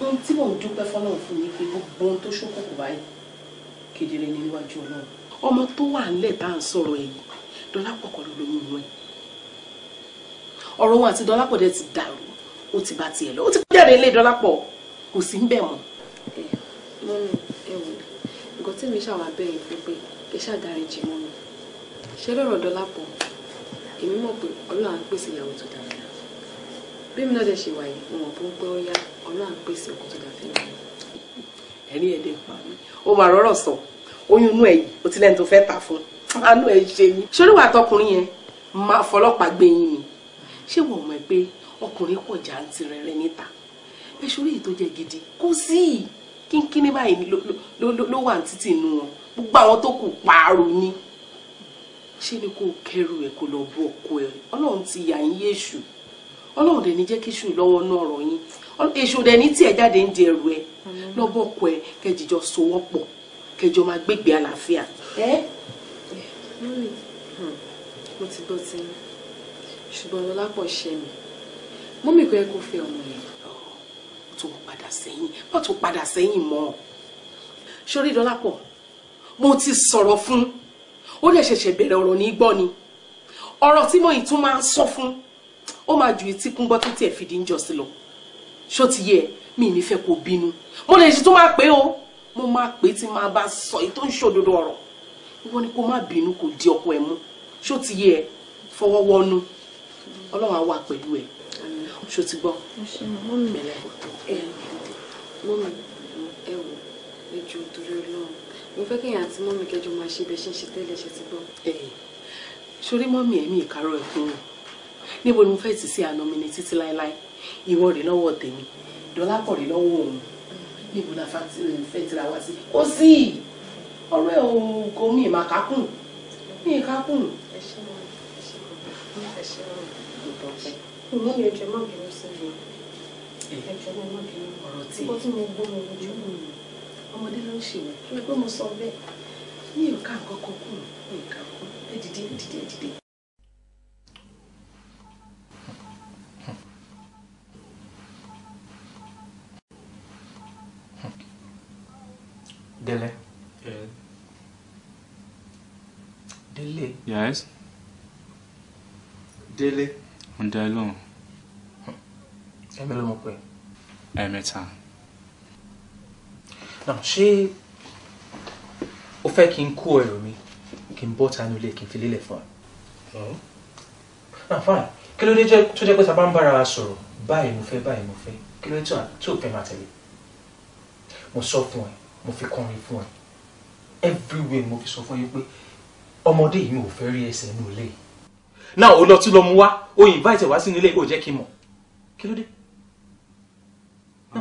ohun tí mò ń dúpẹ́ fọlọ́run fún mi pé gbogbo ohun tó ṣókùnkùn báyìí kedere níwájú ọlọ́run ọmọ tó wà nílẹ̀ tá à ń sọ̀rọ̀ ẹ̀ yìí dọ́lápọ̀ kọ́ ló lóyún inú ẹ̀ ọ̀rọ̀ wọn àti dọ́lápọ̀ dẹ̀ ti dàrú ó ti bá tiẹ̀ lọ ó ti jáde ilé dọ́lápọ̀ kò sí ń bẹ̀ mọ́. ẹ mọ́mi ẹ wò nǹkan tí mi ṣàwà bẹ́ẹ̀ fún pé ẹ ṣàdáríjì mọ́mi ṣé lọ́rọ̀ dọ́lápọ̀ èmi mọ̀ pé ọlọ́run á bí mi náà dẹ̀ ṣe wà yìí wọn bó ń pẹ́ ó yá ọlọ́run pèsè ọkọ̀ tó dà fẹ́ mi. ẹ̀rí ẹ̀ dẹ̀ pa mí ó máa rọ́rọ̀ sọ oyún inú ẹ̀ yìí ó ti lẹ́ni tó fẹ́ ta fún anú ẹ̀ ṣe mí. sórí wàá tọkùnrin yẹn máa fọlọ́pàá gbé yín ni ṣé wọ́n mọ̀ pé ọkùnrin pọ̀ jàǹtìrẹrẹ níta ẹ sórí èyí tó jẹ́ gidi kò sí kínkínní báyìí ló wà ní títì inú wọn gbogbo àwọn tó kù pààrọ̀ ni ṣé ni kò kẹrù ẹ kò lọ bọ ọkọ ẹ Ọlọ́run ti yà ń yéṣù ọlọ́run dẹ̀ ní jẹ́ kí ṣùn lọ́wọ́ náà ọ̀rọ̀ yín èṣù dẹ̀ ní tiẹ̀ jáde ń di ẹrù ẹ lọ́bọ̀ kọ ẹ kẹjìjọ sowọ́pọ̀ kẹjọ máa gbégbé àlàáfíà. ẹ mọ́mí hmm, mo ti gbọ́ ti ní ṣùgbọ́n lọ́lápọ̀ ṣe mi mọ́mí kò yẹ kó fẹ́ ọmọ yẹn. ó tún padà sẹ́yìn má tún padà sẹ́yìn mọ́ sórí lọ́lápọ̀ mo ti sọ̀rọ̀ fún ó dẹ̀ ṣẹ̀ṣẹ̀ bẹ̀rẹ̀ ọ̀rọ̀ ní gbọ́ ni ọ̀rọ̀ tí mo ì tún máa ń sọ fún un ó máa ju etí kún gbọ́ tó tiẹ̀ fìdí ń jọ sí lọ ṣó ti yẹ mi ní fẹ́ kó bínú mo lè ṣe tó máa pé o mo máa pé tí máa bá sọ èyí tó ń ṣòdodo ọ̀rọ̀ ìwọ ni kó má bínú kó di ọkọ ẹ mú ṣó ti yẹ fọwọ́ wọnú ọlọ́run á wà pẹ̀lú ẹ ṣó ti gbọ́. mo fẹ́ kéèyàn àti mọ́mí kẹjọ máa ṣe bẹ́ẹ̀ ṣe ń ṣe tẹ́lẹ̀ ṣe ti gbọ́. ṣorí mọ́mí ẹ̀mí ìkarọ̀ ẹ̀kún rẹ̀ níbo ni mo fẹ́ ti ṣe àná mi ní títí láéláé ìwọ rè lọ́wọ́ tèmi dọ́lápọ̀ rè lọ́wọ́ òun níbo la fẹ́ tira wá sí kó sí ọ̀rọ̀ ẹ̀ o kò mí ìmà kákùn mí kákùn. ìmọ̀ mi ẹ̀jẹ̀ má bínú sí mi ẹ̀jẹ̀ má bínú ọ̀rọ̀ tí mo gbọ́ mo lójú ọmọdé ló ń ṣe wẹ̀ pé mo sọ bẹ́ẹ̀ mi ò ká nǹkan kan kù mi ò ká kù ẹ dìde ẹ dìde ẹ dìde. Dele. Eh. Dele. Yes. Dele. Mo dá ẹ lóhùn. Ẹ̀mí ló mọ̀ pé. Ẹ̀mẹ́ta. Náà o fẹ́ kí n kó ẹrù mi kí n bọ́ tanú ilé kí n fi lélẹ̀ fún ẹ? Náà fine kí ló dé tó jẹ́ pé ta bá ń bára wa sọ̀rọ̀ báyìí mo fẹ́ báyìí mo fẹ́ kí ló dé tó fẹ́ máa tẹ̀lé? Mo sọ fún ẹ mo fi kọrin fún ẹ everywhere mo fi sọ fún yín pé ọmọdé yìí ò fẹ́ rí ẹsẹ̀ inú ilé náà ó lọ tí lọ mú wá ó invite wá sínú ilé yìí jẹ́ kí n mọ̀ kí ló dé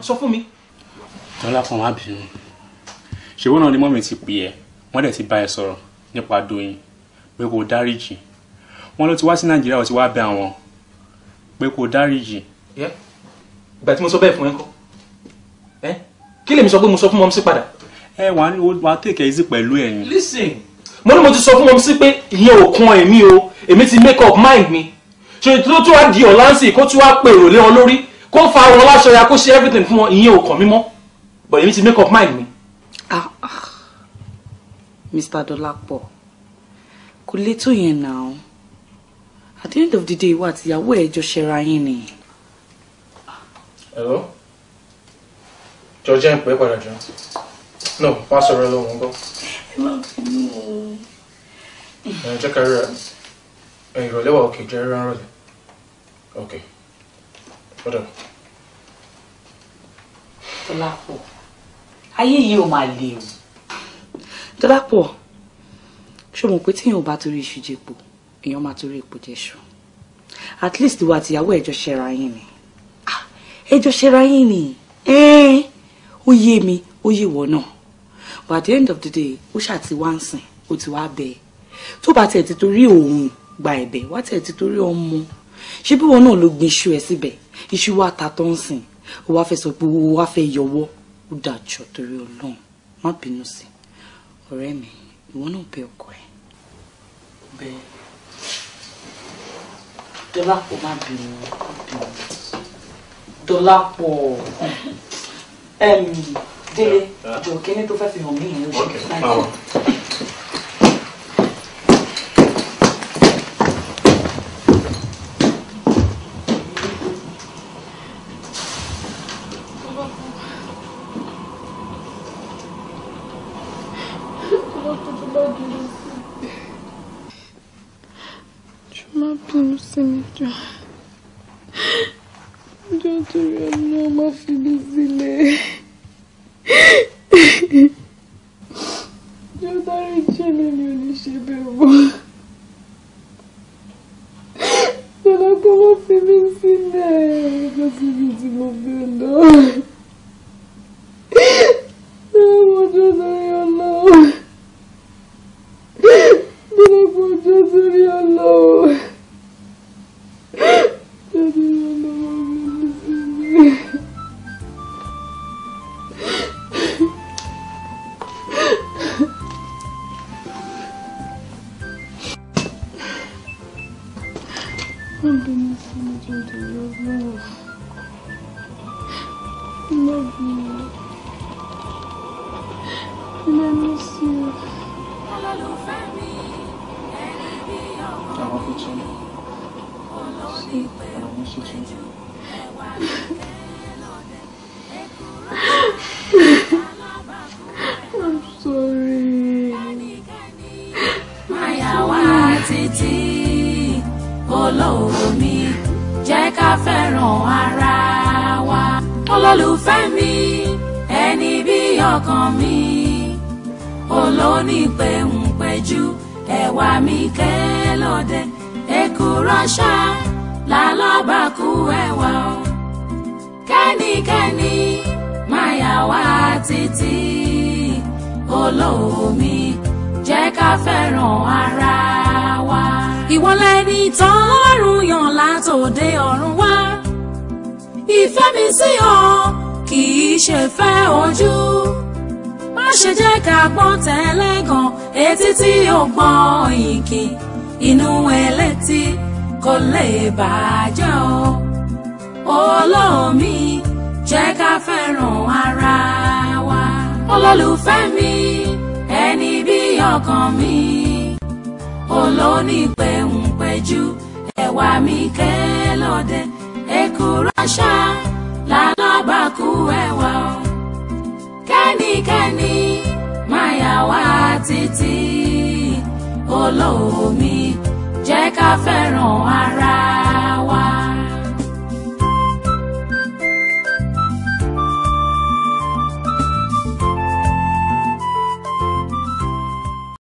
sọ fún mi. tọ́lá kan wá bínú ṣèwọ́ náà ni mọ́mí ti pè ẹ́ wọ́n dẹ̀ ti bá ẹ sọ̀rọ̀ nípa Doyin pé kò dáríjì wọ́n ló ti wá sí Nàìjíríà ó ti wá bẹ̀ àwọn pé kò dáríjì. ìgbà tí mo sọ bẹ́ẹ̀ fún ẹ kọ́ ẹ́ kí lèmi sọ pé mo sọ fún mọ́mísí padà. ẹ wà á wà á tèkẹ́ pẹ̀lú ẹ̀yin. listen mo ní mo ti sọ fún mọ́mísí pé ìyẹn ò kan èmi o èmi ti make up mind mi ṣe tó tó wá di ọ̀lánsì kó tó wá pe èrò lé wọn lórí kó fa wọn láṣọ ya kó ṣe everything fún wọn ìyẹn ò kàn mí mọ́ but èmi ti make up mind mi. ah, ah. Mr. Dolapo kò lè tó yẹn náà at the end of the day ìwà àtìyàwó ẹ jọ ṣẹra yín ni. hello jọjẹ́ ń pẹ́ padà jọ no má sọ̀rọ̀ lọ́wọ́ gbọ́. ẹ má bínú o. ẹ jẹ́ ká rírà ìrọ̀lẹ́ wa òkè jẹ́ rírà rọ̀lẹ́ ok ọ̀dọ̀. Dọ́lápọ̀ ayé yìí ò máa le o. Dọ́lápọ̀ ṣé o mọ̀ pé téèyàn bá torí iṣu jẹpo èèyàn at least ìwà àtìyàwó ẹjọ ṣẹra yín ni ah, ẹjọ ṣẹra yín Eh ó yé mi ó yé ìwọ náà but at the end of the day ó ṣàti wá ń sìn ó ti wá bẹ tó bá tiẹ̀ ti torí òun gba ẹ̀bẹ̀ wá tiẹ̀ ti torí ọmọ ṣé bí wọn náà ló gbin iṣu ẹ síbẹ̀ iṣu wa ta tó ń sìn ó wá fẹ́ sọ pé ó wá fẹ́ yọwọ́ ó dàjọ́ torí ọlọ́run má bínú sí ọ̀rẹ́ mi ìwọ náà bẹ ọkọ ẹ bẹ́ẹ̀ dọ́là má bínú dọ́là délé jọ kíní tó fẹ́ fi hàn mí yẹn lóṣù